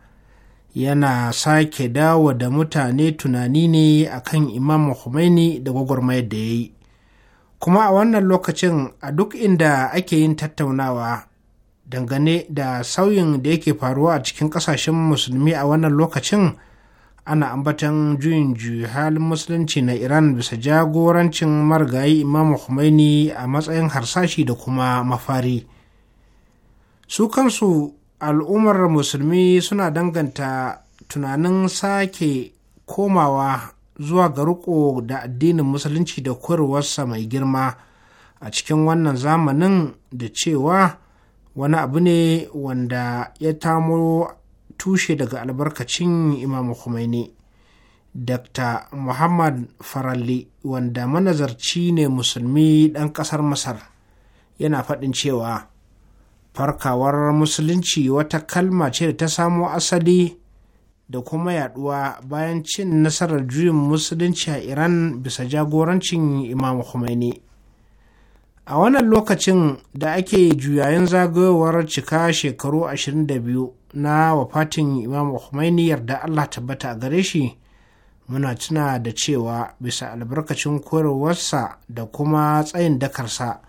yana sake dawo da mutane tunani ne akan imam Khomeini da gwagwarmayar da ya yi kuma a wannan lokacin a duk inda ake yin tattaunawa dangane da sauyin da yake faruwa a cikin kasashen musulmi a wannan lokacin ana ambatan juyin juyi halin musulunci na iran bisa jagorancin marigayi imamu khomeini a matsayin harsashi da kuma mafari su kansu al'ummar musulmi suna danganta tunanin sake komawa zuwa ga riko da addinin musulunci da koyarwarsa mai girma a cikin wannan zamanin da cewa wani abu ne wanda ya tamo tushe daga albarkacin imam Khomeini. Dr. Muhammad Faralli wanda manazarci ne musulmi ɗan ƙasar Masar yana faɗin cewa farkawar musulunci wata kalma ce da ta samo asali da kuma yaduwa bayan cin nasarar juyin musulunci a iran bisa jagorancin imam khomeini a wannan lokacin da ake juyayin zagayowar cika shekaru 22 na wafatin imam khomeini yarda allah tabbata a gare shi muna tuna da cewa bisa albarkacin koyarwarsa da kuma tsayin dakarsa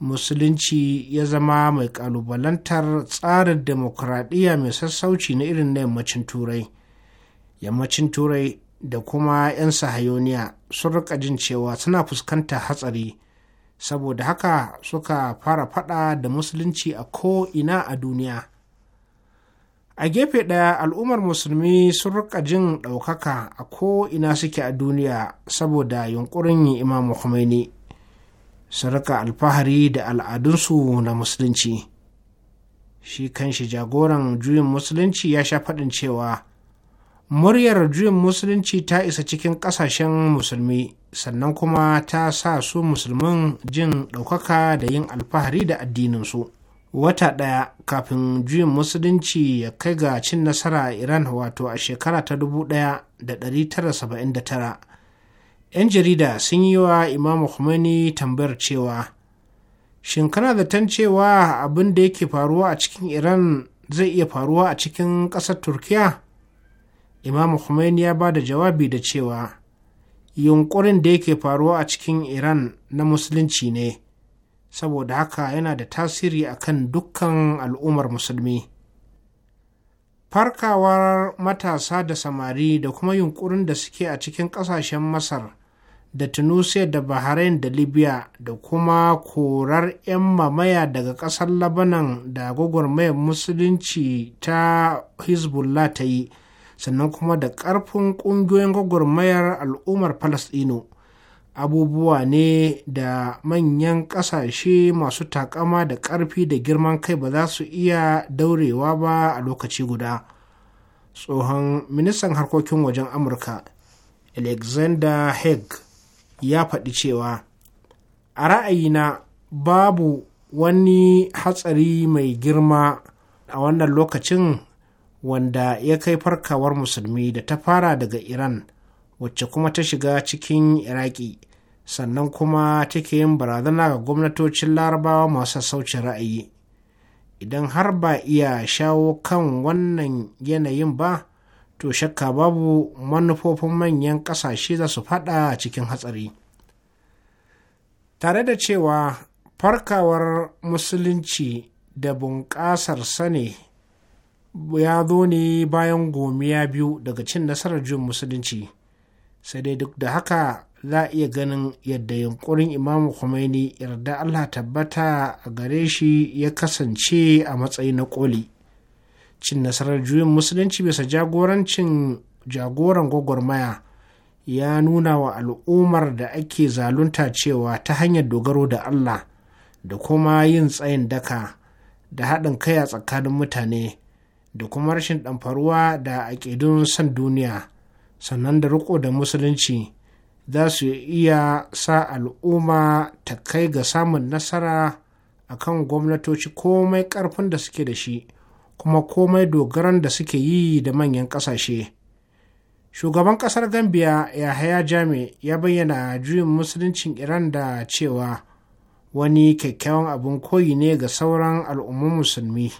musulunci ya zama mai kalubalantar tsarin demokuraɗiyya mai sassauci na irin na yammacin turai yammacin turai da kuma 'yan sahayoniya sun rika jin cewa suna fuskantar hatsari saboda haka suka fara fada da musulunci a ko'ina a duniya a gefe ɗaya al'ummar musulmi sun rika jin ɗaukaka a ko'ina suke a duniya saboda yunkurin yin imam Khomeini. su rika alfahari da al'adunsu na musulunci shi kanshi jagoran juyin musulunci ya sha faɗin cewa muryar juyin musulunci ta isa cikin ƙasashen musulmi sannan kuma ta sa su musulmin jin ɗaukaka da yin alfahari da addininsu wata ɗaya kafin juyin musulunci ya kai ga cin nasara a iran wato a shekara ta dubu ɗaya da 1979 'yan jarida sun yi wa imamu Khomeini tambayar cewa shin kana zaton cewa abin da yake faruwa a cikin iran zai iya faruwa a cikin ƙasar turkiya imamu Khomeini ya ba da jawabi da cewa yunkurin da yake faruwa a cikin iran na musulunci ne saboda haka yana da tasiri a kan dukkan al'ummar musulmi farkawar matasa da samari da kuma yunkurin da suke a cikin ƙasashen masar da tunisia da bahrain da libya da kuma korar 'yan mamaya daga ƙasar labanan da gwagwarmayar musulunci ta hezbollah ta yi sannan kuma da ƙarfin ƙungiyoyin gwagwarmayar al'ummar Falasɗinu, abubuwa ne da manyan ƙasashe masu takama da ƙarfi da girman kai ba za su iya daurewa ba a lokaci guda tsohon ministan harkokin wajen amurka alexander hague ya faɗi cewa a ra'ayina babu wani hatsari mai girma a wannan lokacin wanda ya kai farkawar musulmi da ta fara daga iran wacce kuma ta shiga cikin iraki sannan kuma take yin barazana ga gwamnatocin larabawa masu saucin ra'ayi idan har ba iya shawo kan wannan yanayin ba to shakka babu manufofin manyan ƙasashe za su fada cikin hatsari tare da cewa farkawar musulunci da bunƙasar sane ya zo ne bayan gomiya biyu daga cin nasarar jin musulunci sai dai duk da haka za a iya ganin yadda yunkurin imamu Khomeini yarda allah tabbata a gare shi ya kasance a matsayi na koli. cin nasarar juyin musulunci bisa jagorancin jagoran gwagwarmaya ya nuna wa al'ummar da ake zalunta cewa ta hanyar dogaro da allah da kuma yin tsayin daka da haɗin kai a tsakanin mutane da kuma rashin ɗamfaruwa da aƙidun san duniya sannan da riko da musulunci za su iya sa al'umma ta kai ga samun nasara a kan gwamnatoci komai ƙarfin da suke da shi kuma komai dogaran da suke yi da manyan ƙasashe. Shugaban ƙasar Gambia Yahaya Jami ya bayyana juyin musuluncin Iran da cewa wani kyakkyawan abin koyi ne ga sauran al'ummun musulmi.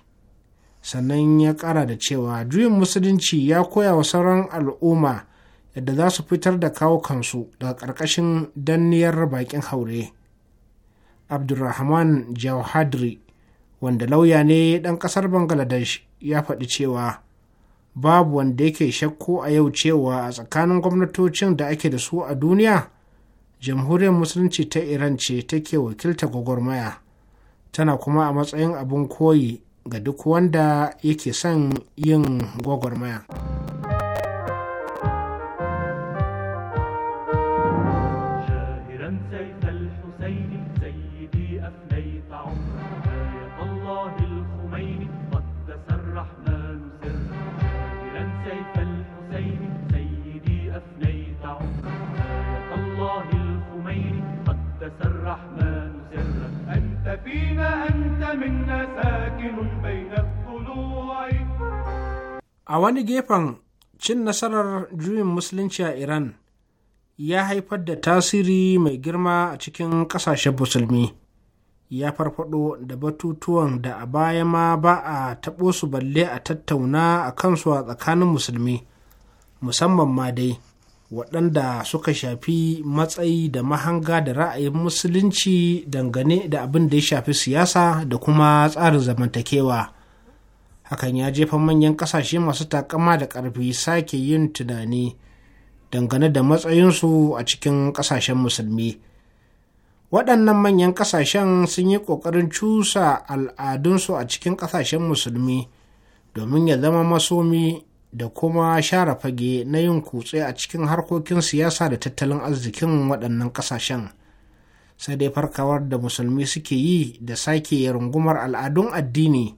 Sannan ya ƙara da cewa juyin musulunci ya koya wa sauran al'umma yadda za su fitar da kawo kansu daga ƙarƙashin danniyar baƙin haure. Abdulrahman Jawhadri wanda lauya ne ɗan ƙasar bangladesh ya faɗi cewa babu wanda yake shakku a yau cewa a tsakanin gwamnatocin da ake da su a duniya jamhuriyar musulunci ta iran ce take wakilta gwagwarmaya tana kuma a matsayin abin koyi ga duk wanda yake son yin gwagwarmaya. فينا أنت منا ساكن بين الضلوع A wani gefen cin nasarar juyin Musulunci a Iran ya haifar da tasiri mai girma a cikin ƙasashen musulmi, ya farfaɗo da batutuwan da a baya ma ba a taɓo su balle a tattauna a kansu a tsakanin musulmi, musamman ma dai. waɗanda suka shafi matsayi da mahanga da ra'ayin musulunci dangane da abin da ya shafi siyasa da kuma tsarin zamantakewa hakan ya jefa manyan ƙasashe masu takama da ƙarfi sake yin tunani dangane da matsayinsu a cikin ƙasashen musulmi waɗannan manyan ƙasashen sun yi ƙoƙarin cusa al'adunsu a cikin ƙasashen musulmi domin ya zama masomi da kuma share fage na yin kutse a cikin harkokin siyasa da tattalin arzikin waɗannan ƙasashen sai dai farkawar da musulmi suke yi da sake rungumar al'adun addini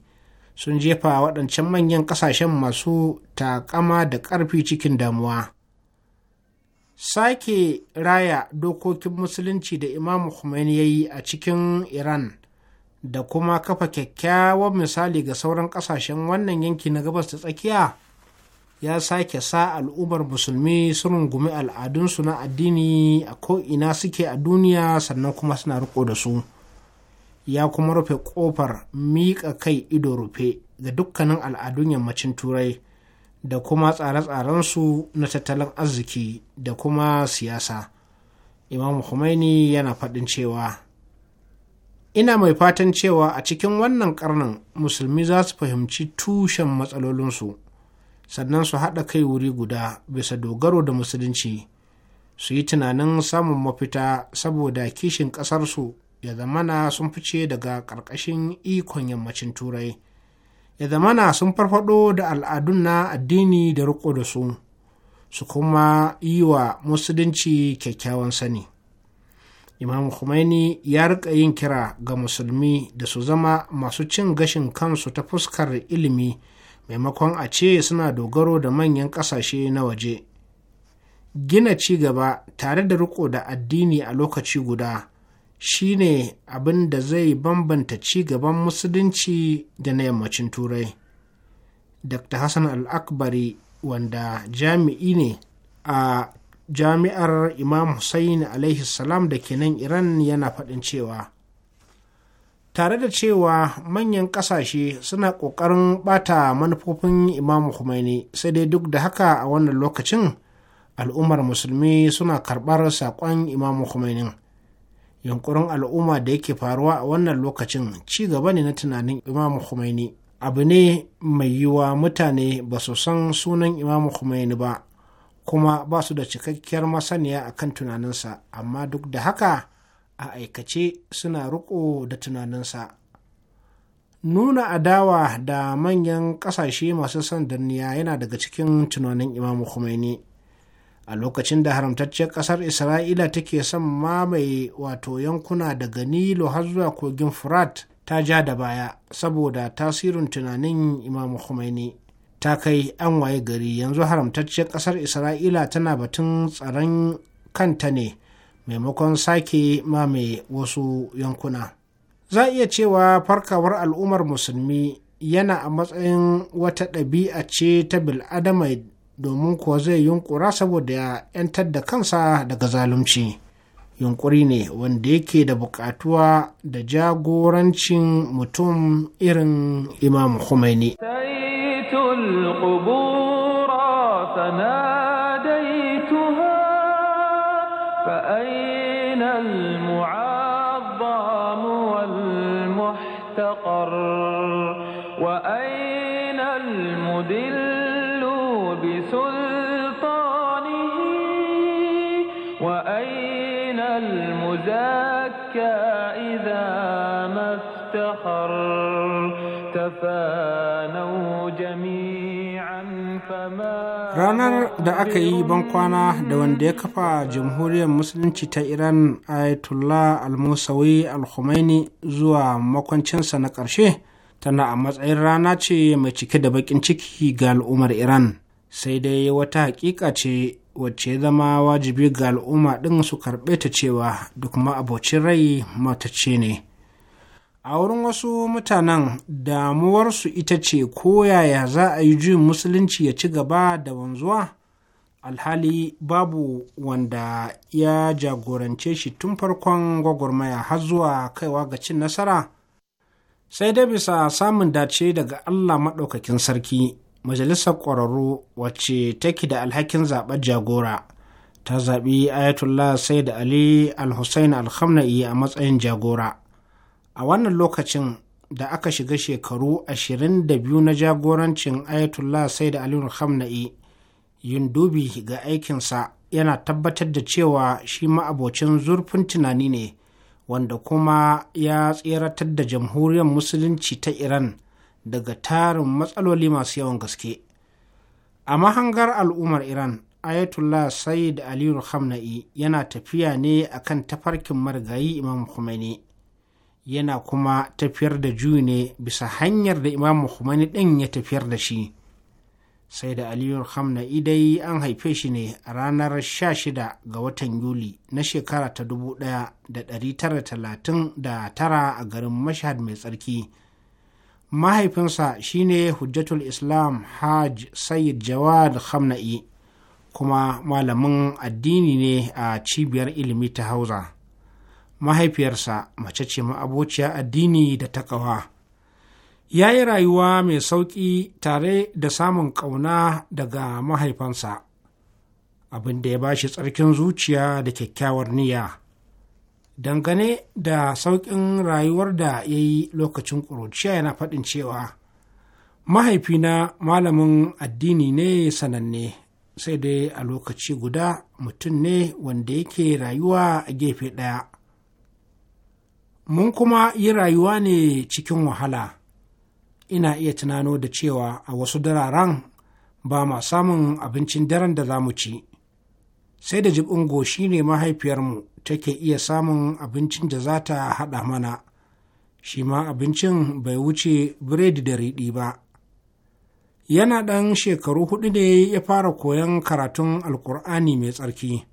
sun jefa waɗancan manyan ƙasashen masu taƙama da ƙarfi cikin damuwa sake raya dokokin musulunci da imam Khomeini ya yi a cikin iran da kuma kafa kyakkyawan misali ga sauran ƙasashen wannan yanki na gabas ta tsakiya ya sake sa al'ummar musulmi sun rungumi al'adunsu na addini a ko'ina suke a duniya sannan kuma suna riko da su ya kuma rufe kofar miƙa kai ido rufe ga dukkanin al'adun yammacin turai da kuma tsare-tsarensu na tattalin arziki da kuma siyasa imam Khomeini yana faɗin cewa ina mai fatan cewa a cikin wannan karnin musulmi za su fahimci tushen matsalolinsu sannan su haɗa kai wuri guda bisa dogaro da musulunci su yi tunanin samun mafita saboda kishin ƙasarsu ya zamana sun fice daga ƙarƙashin ikon yammacin turai ya zamana sun farfado da al'adun na addini da riko da su su kuma yi wa musulunci kyakkyawan sani imam Khomeini ya riƙa yin kira ga musulmi da su zama masu cin gashin kansu ta fuskar ilimi maimakon a ce suna dogaro da manyan ƙasashe na waje gina ci gaba tare da riko da addini a lokaci guda shine abin da zai bambanta ci gaban musulunci da na yammacin turai dr hassan al-akbari wanda jami'i ne a jami'ar imam hussain alaihi salam da ke nan iran yana faɗin cewa tare da cewa manyan kasashe suna ƙoƙarin ɓata manufofin imamu Khomeini sai dai duk da haka a wannan lokacin al'ummar musulmi suna karɓar saƙon imamu Khomeini. Yunƙurin al'umma da yake faruwa a wannan lokacin ci gaba ne na tunanin imamu Khomeini. Abu ne mai yiwa mutane ba su san sunan imamu Khomeini ba, kuma ba su da cikakkiyar masaniya akan tunaninsa, amma duk da haka. a aikace suna riko da tunaninsa nuna adawa da manyan ƙasashe masu son danniya yana daga cikin tunanin imamu Khomeini. a lokacin da haramtacciyar ƙasar isra'ila take son mamaye wato yankuna daga nilo har zuwa kogin furat ta ja da baya saboda tasirin tunanin imamu Khomeini. ta kai an waye gari yanzu haramtacciyar ƙasar isra'ila tana batun tsaron kanta ne maimakon sake mamaye wasu yankuna za iya cewa farkawar al'ummar musulmi yana a matsayin wata ɗabi'a ce ta bil'adamai domin kuwa zai yunkura saboda ya 'yantar da kansa daga zalunci yunkuri ne wanda yake da bukatuwa da jagorancin mutum irin imam Khomeini. Ranar da aka yi bankwana da wanda ya kafa jamhuriyar musulunci ta Iran Ayatollah al-Musawi al khumaini zuwa makwancinsa na ƙarshe tana a matsayin rana ce mai cike da baƙin ciki ga al'ummar Iran. Sai dai wata haƙiƙa ce wacce ya zama wajibi ga al'umma ɗin su karɓe ta cewa duk ma abocin rai matace ne. a wurin wasu mutanen damuwarsu ita ce ko yaya za a yi juyin musulunci ya ci gaba da wanzuwa alhali babu wanda ya jagorance shi tun farkon gwagwarmaya har zuwa kaiwa ga cin nasara sai dai bisa samun dace daga allah maɗaukakin sarki majalisar ƙwararru wacce take da alhakin zaɓen jagora ta zaɓi ayatollah said ali al-hussein a matsayin jagora a wannan lokacin da aka shiga shekaru 22 na jagorancin ayatollah sai da aliyu hamna'i dubi ga aikinsa yana tabbatar da cewa shi ma'abocin zurfin tunani ne wanda kuma ya tseratar da jamhuriyar musulunci ta iran daga tarin matsaloli masu yawan gaske a mahangar al'ummar iran ayatollah said aliyu yana tafiya ne akan tafarkin marigayi imam khomeini yana kuma tafiyar da juyi ne bisa hanyar da imam Khomeini ɗin ya tafiyar da shi sai da aliyu hamna'i dai an haife shi ne a ranar 16 ga watan yuli na shekara ta 1939 a garin mashhad mai tsarki mahaifinsa shine hujjatul islam hajj sayyid jawad hamna'i kuma malamin addini ne a cibiyar ilimi ta Hausa. mahaifiyarsa mace ce ma'abociya addini da takawa ya yi rayuwa mai sauƙi tare da samun ƙauna daga mahaifansa abin da ya ba shi tsarkin zuciya da kyakkyawar niyya dangane da sauƙin rayuwar da ya yi lokacin ƙuruciya yana faɗin cewa mahaifina malamin addini ne sananne sai dai a lokaci guda mutum ne wanda yake rayuwa a gefe ɗaya mun kuma yi rayuwa ne cikin wahala ina iya tunano da cewa a wasu dararen ba ma samun abincin daren da za mu ci sai da jibin goshi ne mahaifiyarmu take iya samun abincin da za ta haɗa mana shi ma abincin bai wuce biredi da riɗi ba yana ɗan shekaru hudu ne ya fara koyon karatun alkur'ani mai tsarki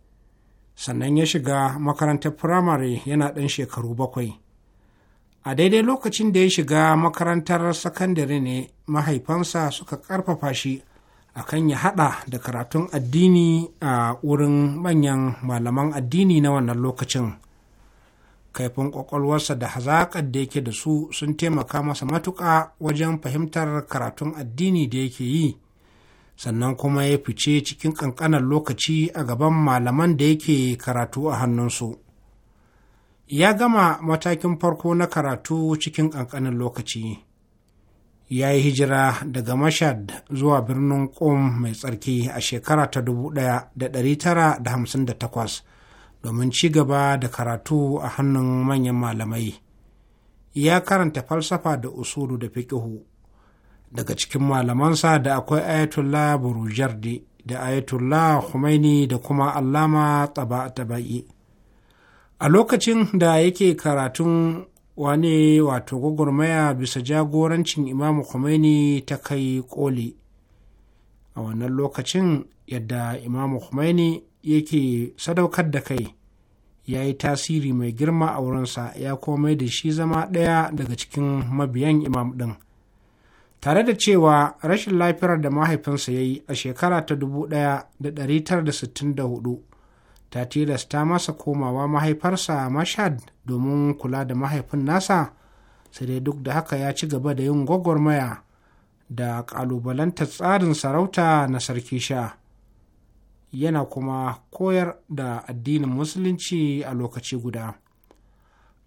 sannan ya shiga makarantar firamare yana ɗan shekaru bakwai a daidai lokacin da ya shiga makarantar sakandare ne mahaifansa suka ƙarfafa shi akan ya haɗa da karatun addini a wurin manyan malaman addini na wannan lokacin kaifin ƙwaƙwalwarsa da hazaƙar da yake da su sun taimaka masa matuƙa wajen fahimtar karatun addini da yake yi sannan kuma ya fice cikin ƙanƙanar lokaci a gaban malaman da yake karatu a hannunsu ya gama matakin farko na karatu cikin ƙanƙanin lokaci ya yi hijira daga mashad zuwa birnin ƙom mai tsarki a shekara ta 1958 domin ci gaba da karatu a hannun manyan malamai ya karanta falsafa da usuru da fiƙihu daga cikin malamansa da akwai ayatollah burujardi da ayatollah khomeini da kuma allama taba'i a lokacin da yake karatun wane wato gwagwarmaya bisa jagorancin imamu khomeini ta kai koli a wannan lokacin yadda imamu khomeini yake sadaukar da kai ya yi tasiri mai girma a wurinsa ya komai da shi zama ɗaya daga cikin mabiyan imam ɗin. tare da cewa rashin lafiyar da mahaifinsa ya yi a shekara ta 1964 ta tilasta masa komawa mahaifarsa mashad domin kula da mahaifin nasa sai dai duk da haka ya ci gaba da yin gwagwarmaya da kalubalanta tsarin sarauta na sarki sha yana kuma koyar da addinin musulunci a lokaci guda.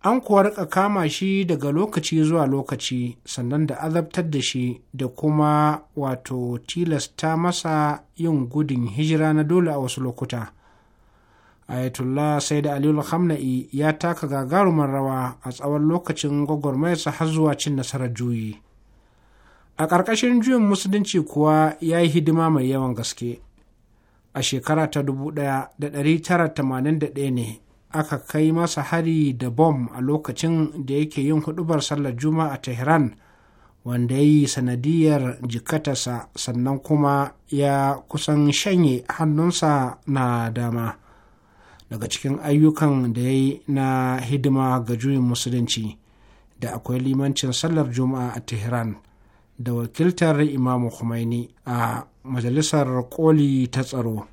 an kuwa rika kama shi daga lokaci zuwa lokaci sannan da azabtar da shi da kuma wato tilasta masa yin gudun hijira na dole a wasu lokuta ayatollah sai da aliyu hamna'i ya taka gagarumar rawa a tsawon lokacin gwagwarmayarsa har zuwa cin nasarar juyi a ƙarƙashin juyin musulunci kuwa ya yi hidima mai yawan gaske a shekara ta 1981 ne aka kai masa hari da bom a lokacin da yake yin hudubar sallar juma'a a tehran wanda ya yi sanadiyar jikatarsa sannan kuma ya kusan shanye hannunsa na dama daga cikin ayyukan da ya yi na hidima ga juyin musulunci da akwai limancin sallar juma'a a tehran da wakiltar imamu Khomeini a majalisar koli ta tsaro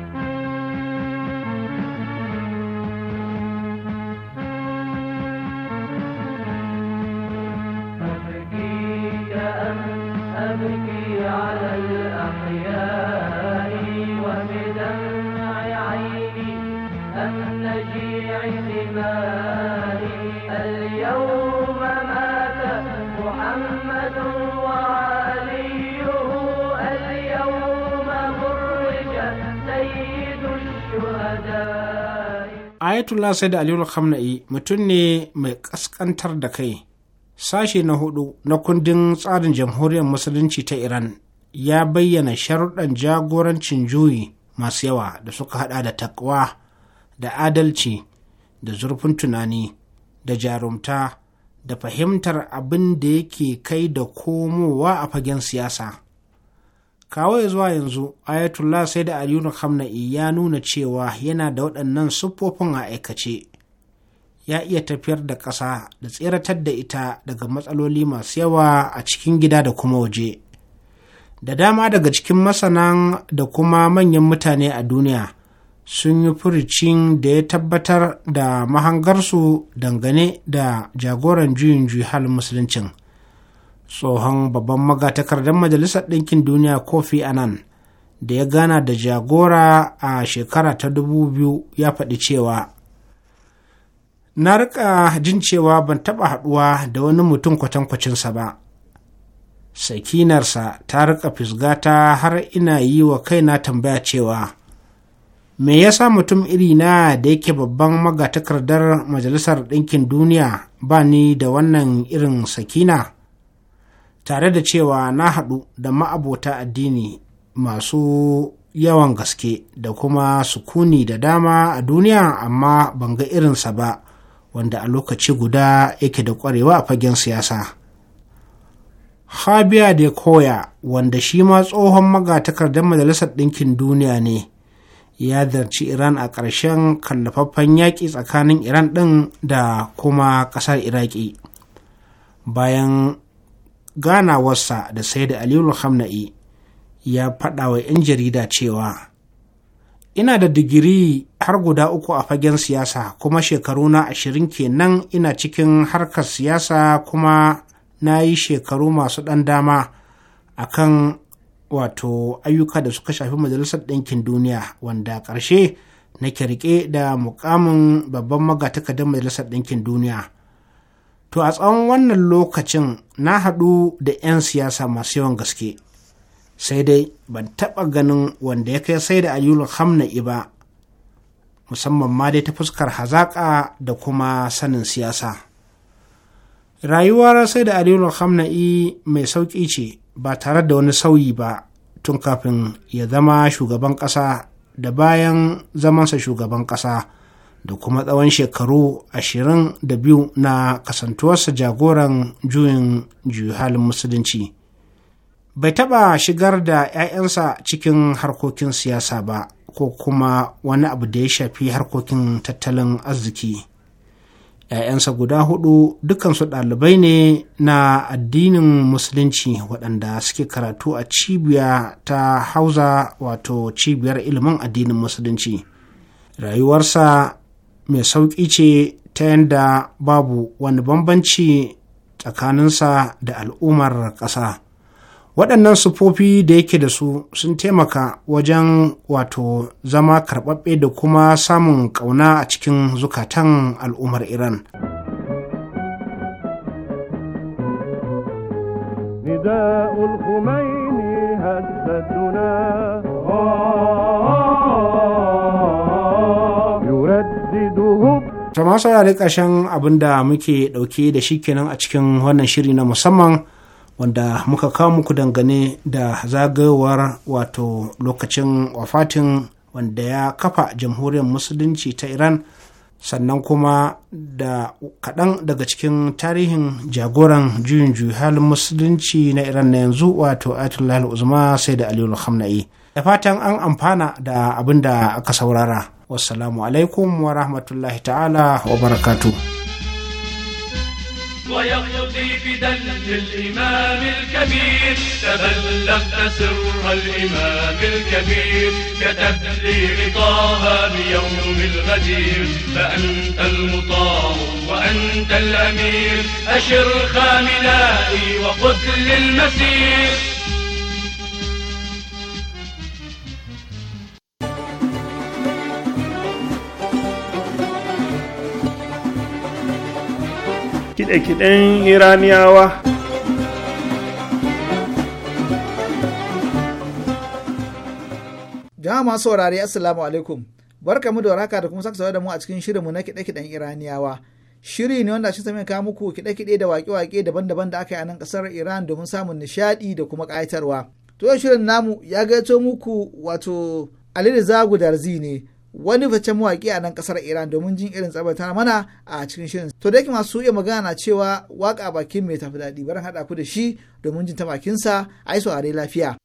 Ayatollah Said Aliyu Khamenei mutum ne mai kaskantar da kai. Sashe na hudu na kundin tsarin jamhuriyar musulunci ta Iran ya bayyana sharuɗan jagorancin juyi masu yawa da suka hada da takwa da adalci da zurfin tunani da jarumta da fahimtar abin da yake kai da komowa a fagen siyasa kawai zuwa yanzu ayatollah sai da aliyu hamna'i ya nuna cewa yana da waɗannan siffofin a aikace ya iya tafiyar da ƙasa da tseratar da ita daga matsaloli masu yawa a cikin gida da kuma waje da dama daga cikin masanan da kuma manyan mutane a duniya sun yi furicin da ya tabbatar da mahangarsu dangane da jagoran juyin juyi halin musuluncin tsohon babban magatakardar majalisar ɗinkin duniya kofi anan da ya gana da jagora a shekara ta dubu biyu ya faɗi cewa na rika jin cewa ban taɓa haɗuwa da wani mutum kwatankwacinsa ba sakinarsa ta rika fisgata har ina yi wa kaina tambaya cewa me yasa mutum iri na da yake babban magatakardar majalisar ɗinkin duniya ba ni da wannan irin sakina tare da cewa na haɗu da ma'abota addini masu yawan gaske da kuma sukuni da dama a duniya amma ban ga irinsa ba wanda a lokaci guda yake da ƙwarewa a fagen siyasa. Habia de Koya wanda shi ma tsohon magatakardar Majalisar Ɗinkin Duniya ne ya zarci Iran a ƙarshen kallafaffen yaƙi tsakanin Iran ɗin da kuma ƙasar Iraki. Bayan ganawarsa da sai da aliyu hamna'i ya faɗa wa 'yan jarida cewa ina da digiri har guda uku a fagen siyasa kuma shekaru na ashirin kenan ina cikin harkar siyasa kuma na yi shekaru masu ɗan dama a kan wato ayyuka da suka shafi majalisar ɗinkin duniya wanda ƙarshe na riƙe da mukamin babban magatakardar majalisar ɗinkin duniya To a tsawon wannan lokacin na haɗu da 'yan siyasa masu yawan gaske, sai dai ban taɓa ganin wanda ya kai sai da ayyulun hamna ba, musamman ma dai ta fuskar hazaƙa da kuma sanin siyasa. Rayuwar sai da ayyulun hamna mai sauƙi ce ba tare da wani sauyi ba tun kafin ya zama shugaban ƙasa da bayan zamansa shugaban ƙasa. da kuma tsawon shekaru ashirin da biyu na kasantuwarsa jagoran juyin juyi halin musulunci bai taɓa shigar da 'ya'yansa cikin harkokin siyasa ba ko kuma wani abu da ya shafi harkokin tattalin arziki ‘ya'yansa guda hudu dukansu ɗalibai ne na addinin musulunci waɗanda suke karatu a cibiya ta hauza wato cibiyar ilimin addinin musulunci rayuwarsa mai sauƙi ce ta yadda babu wani bambanci tsakaninsa da al'ummar ƙasa waɗannan sufofi da yake da su sun taimaka wajen wato zama karɓaɓɓe da kuma samun ƙauna a cikin zukatan al'ummar iran نداء الخميني ta ma ƙarshen abin da muke ɗauke da shi kenan a cikin wannan shiri na musamman wanda muka kawo muku dangane da zagayowar wato lokacin wafatin wanda ya kafa jamhuriyar musulunci ta iran sannan kuma da kaɗan daga cikin tarihin jagoran juyin halin musulunci na iran na yanzu wato ayatollah uzma sai da aliyu da fatan an amfana da abin da aka saurara wassalamu alaikum wa rahmatullahi ta'ala wa barakatu ويقضي بدلة الإمام الكبير تبلغت سر الإمام الكبير كتبت لي غطاها بيوم الغدير فأنت المطاع وأنت الأمير أشر خاملائي وخذ للمسير kiɗe-kiɗen iraniyawa jama'a masu saurare assalamu alaikum barka mu da waraka da kuma saka da mu a cikin shirinmu na kiɗe-kiɗen iraniyawa shiri ne wanda shi sami kawo muku kiɗe-kiɗe da waƙe-waƙe daban-daban da aka yi a nan ƙasar iran domin samun nishaɗi da kuma ƙayatarwa to shirin namu ya gaito muku wato ali da darzi ne wani facen mawaƙi a nan ƙasar iran domin jin irin tsabatar mana a cikin shirin to da yake masu iya magana na cewa waƙa bakin mai tafi daɗi barin haɗa ku da shi domin jin ta bakinsa a yi saurare lafiya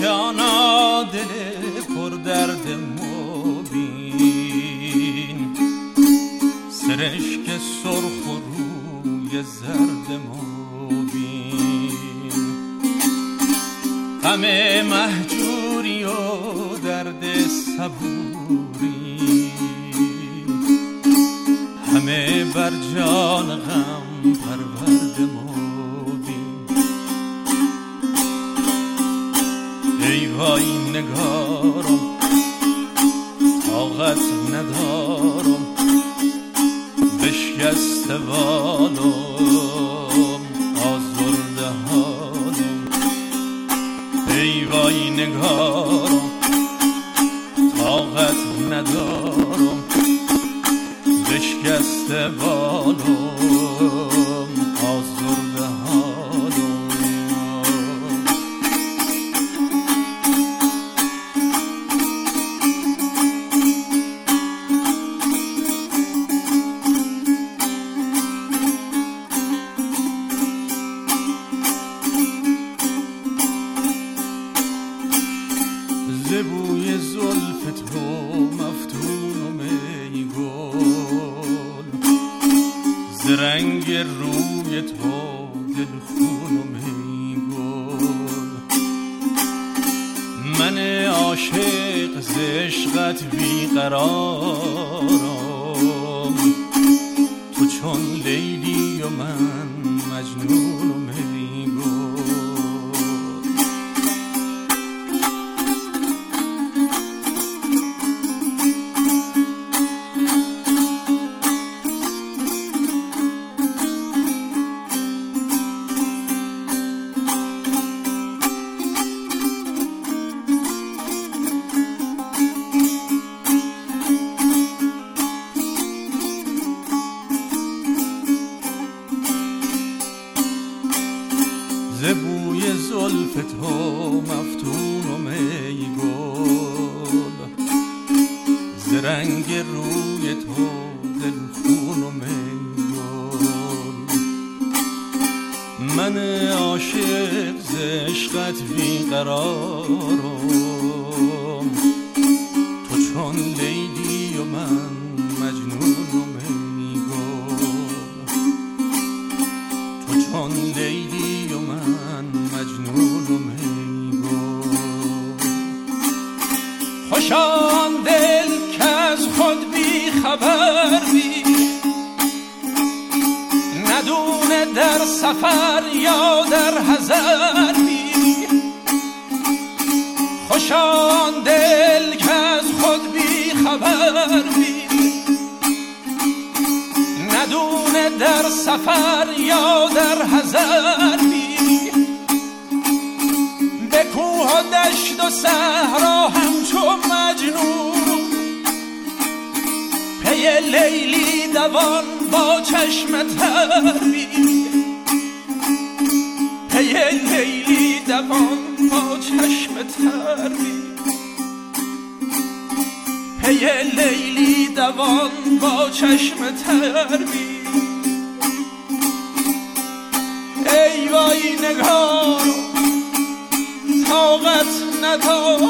جانا دل پر درد مبین سرشک سرخ و روی زرد مبین همه محجوری و درد صبوری همه بر جان غم نگارم طاقت ندارم بشکست و پریشان دل که از خود بی خبر بی ندونه در سفر یا در هزار بی خوشان دل که از خود بی خبر بی ندونه در سفر یا در هزار بی به کوه و دشت و صحرا دوان با چشم تری پی لیلی دوان با چشم تری پی لیلی دوان با چشم تری ای وای نگار طاقت ندار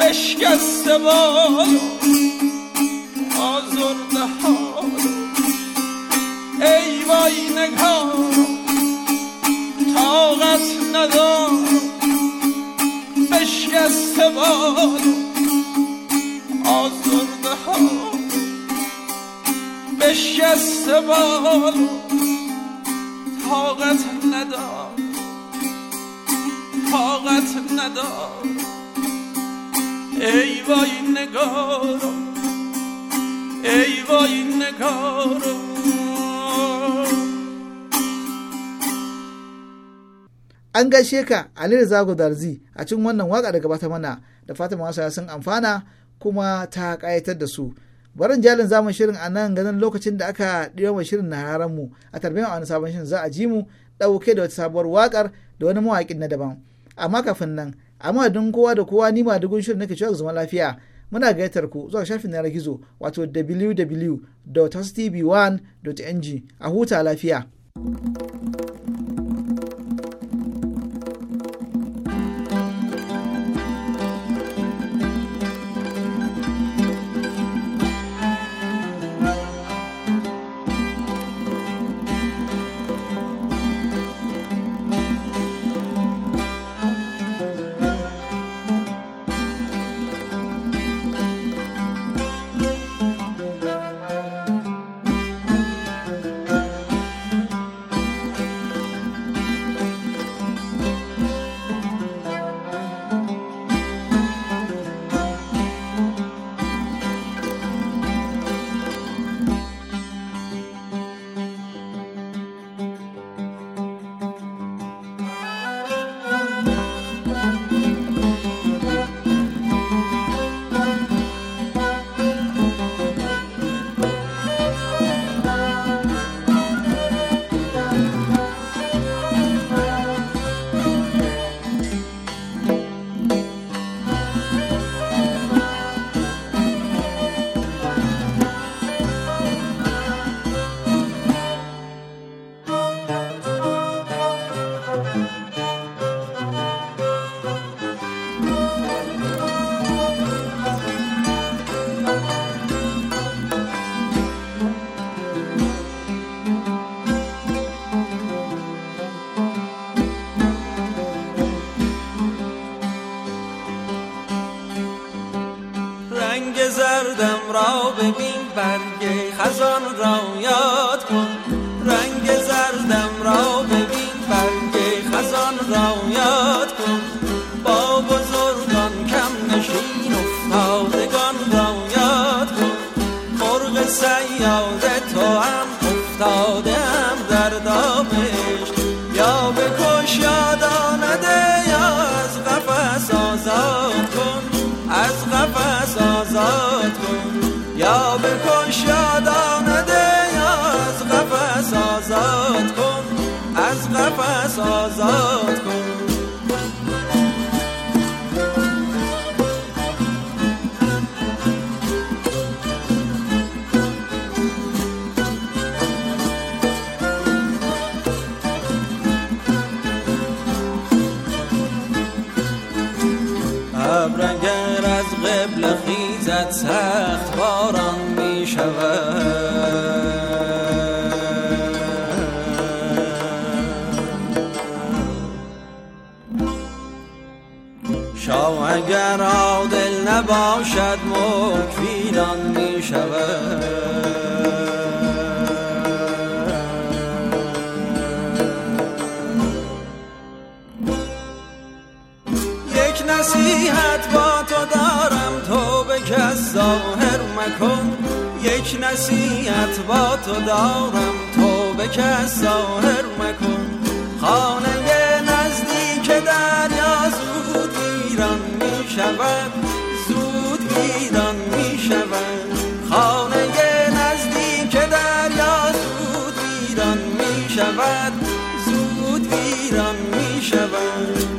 بشکست بارو تاقت طاقت ندارم بشکست باد آزرده ها بشکست باد طاقت ندارم طاقت ندارم ای وای نگارم ای وای نگارم an gaishe ka Ali Zago Darzi a cikin wannan waka da gabata mana da fatan asa sun amfana kuma ta kayatar da su. Barin jalin zamun shirin a nan ganin lokacin da aka ɗiyo wa shirin na mu a tarbiyyar wani sabon shirin za a ji mu ɗauke da wata sabuwar wakar da wani mawaƙin na daban. Amma kafin nan, a don kowa da kowa ni ma dugun shirin nake cewa zama lafiya. Muna gayyatar ku zuwa shafin yanar gizo wato www.tv1.ng a huta lafiya. شود زود ویران می شود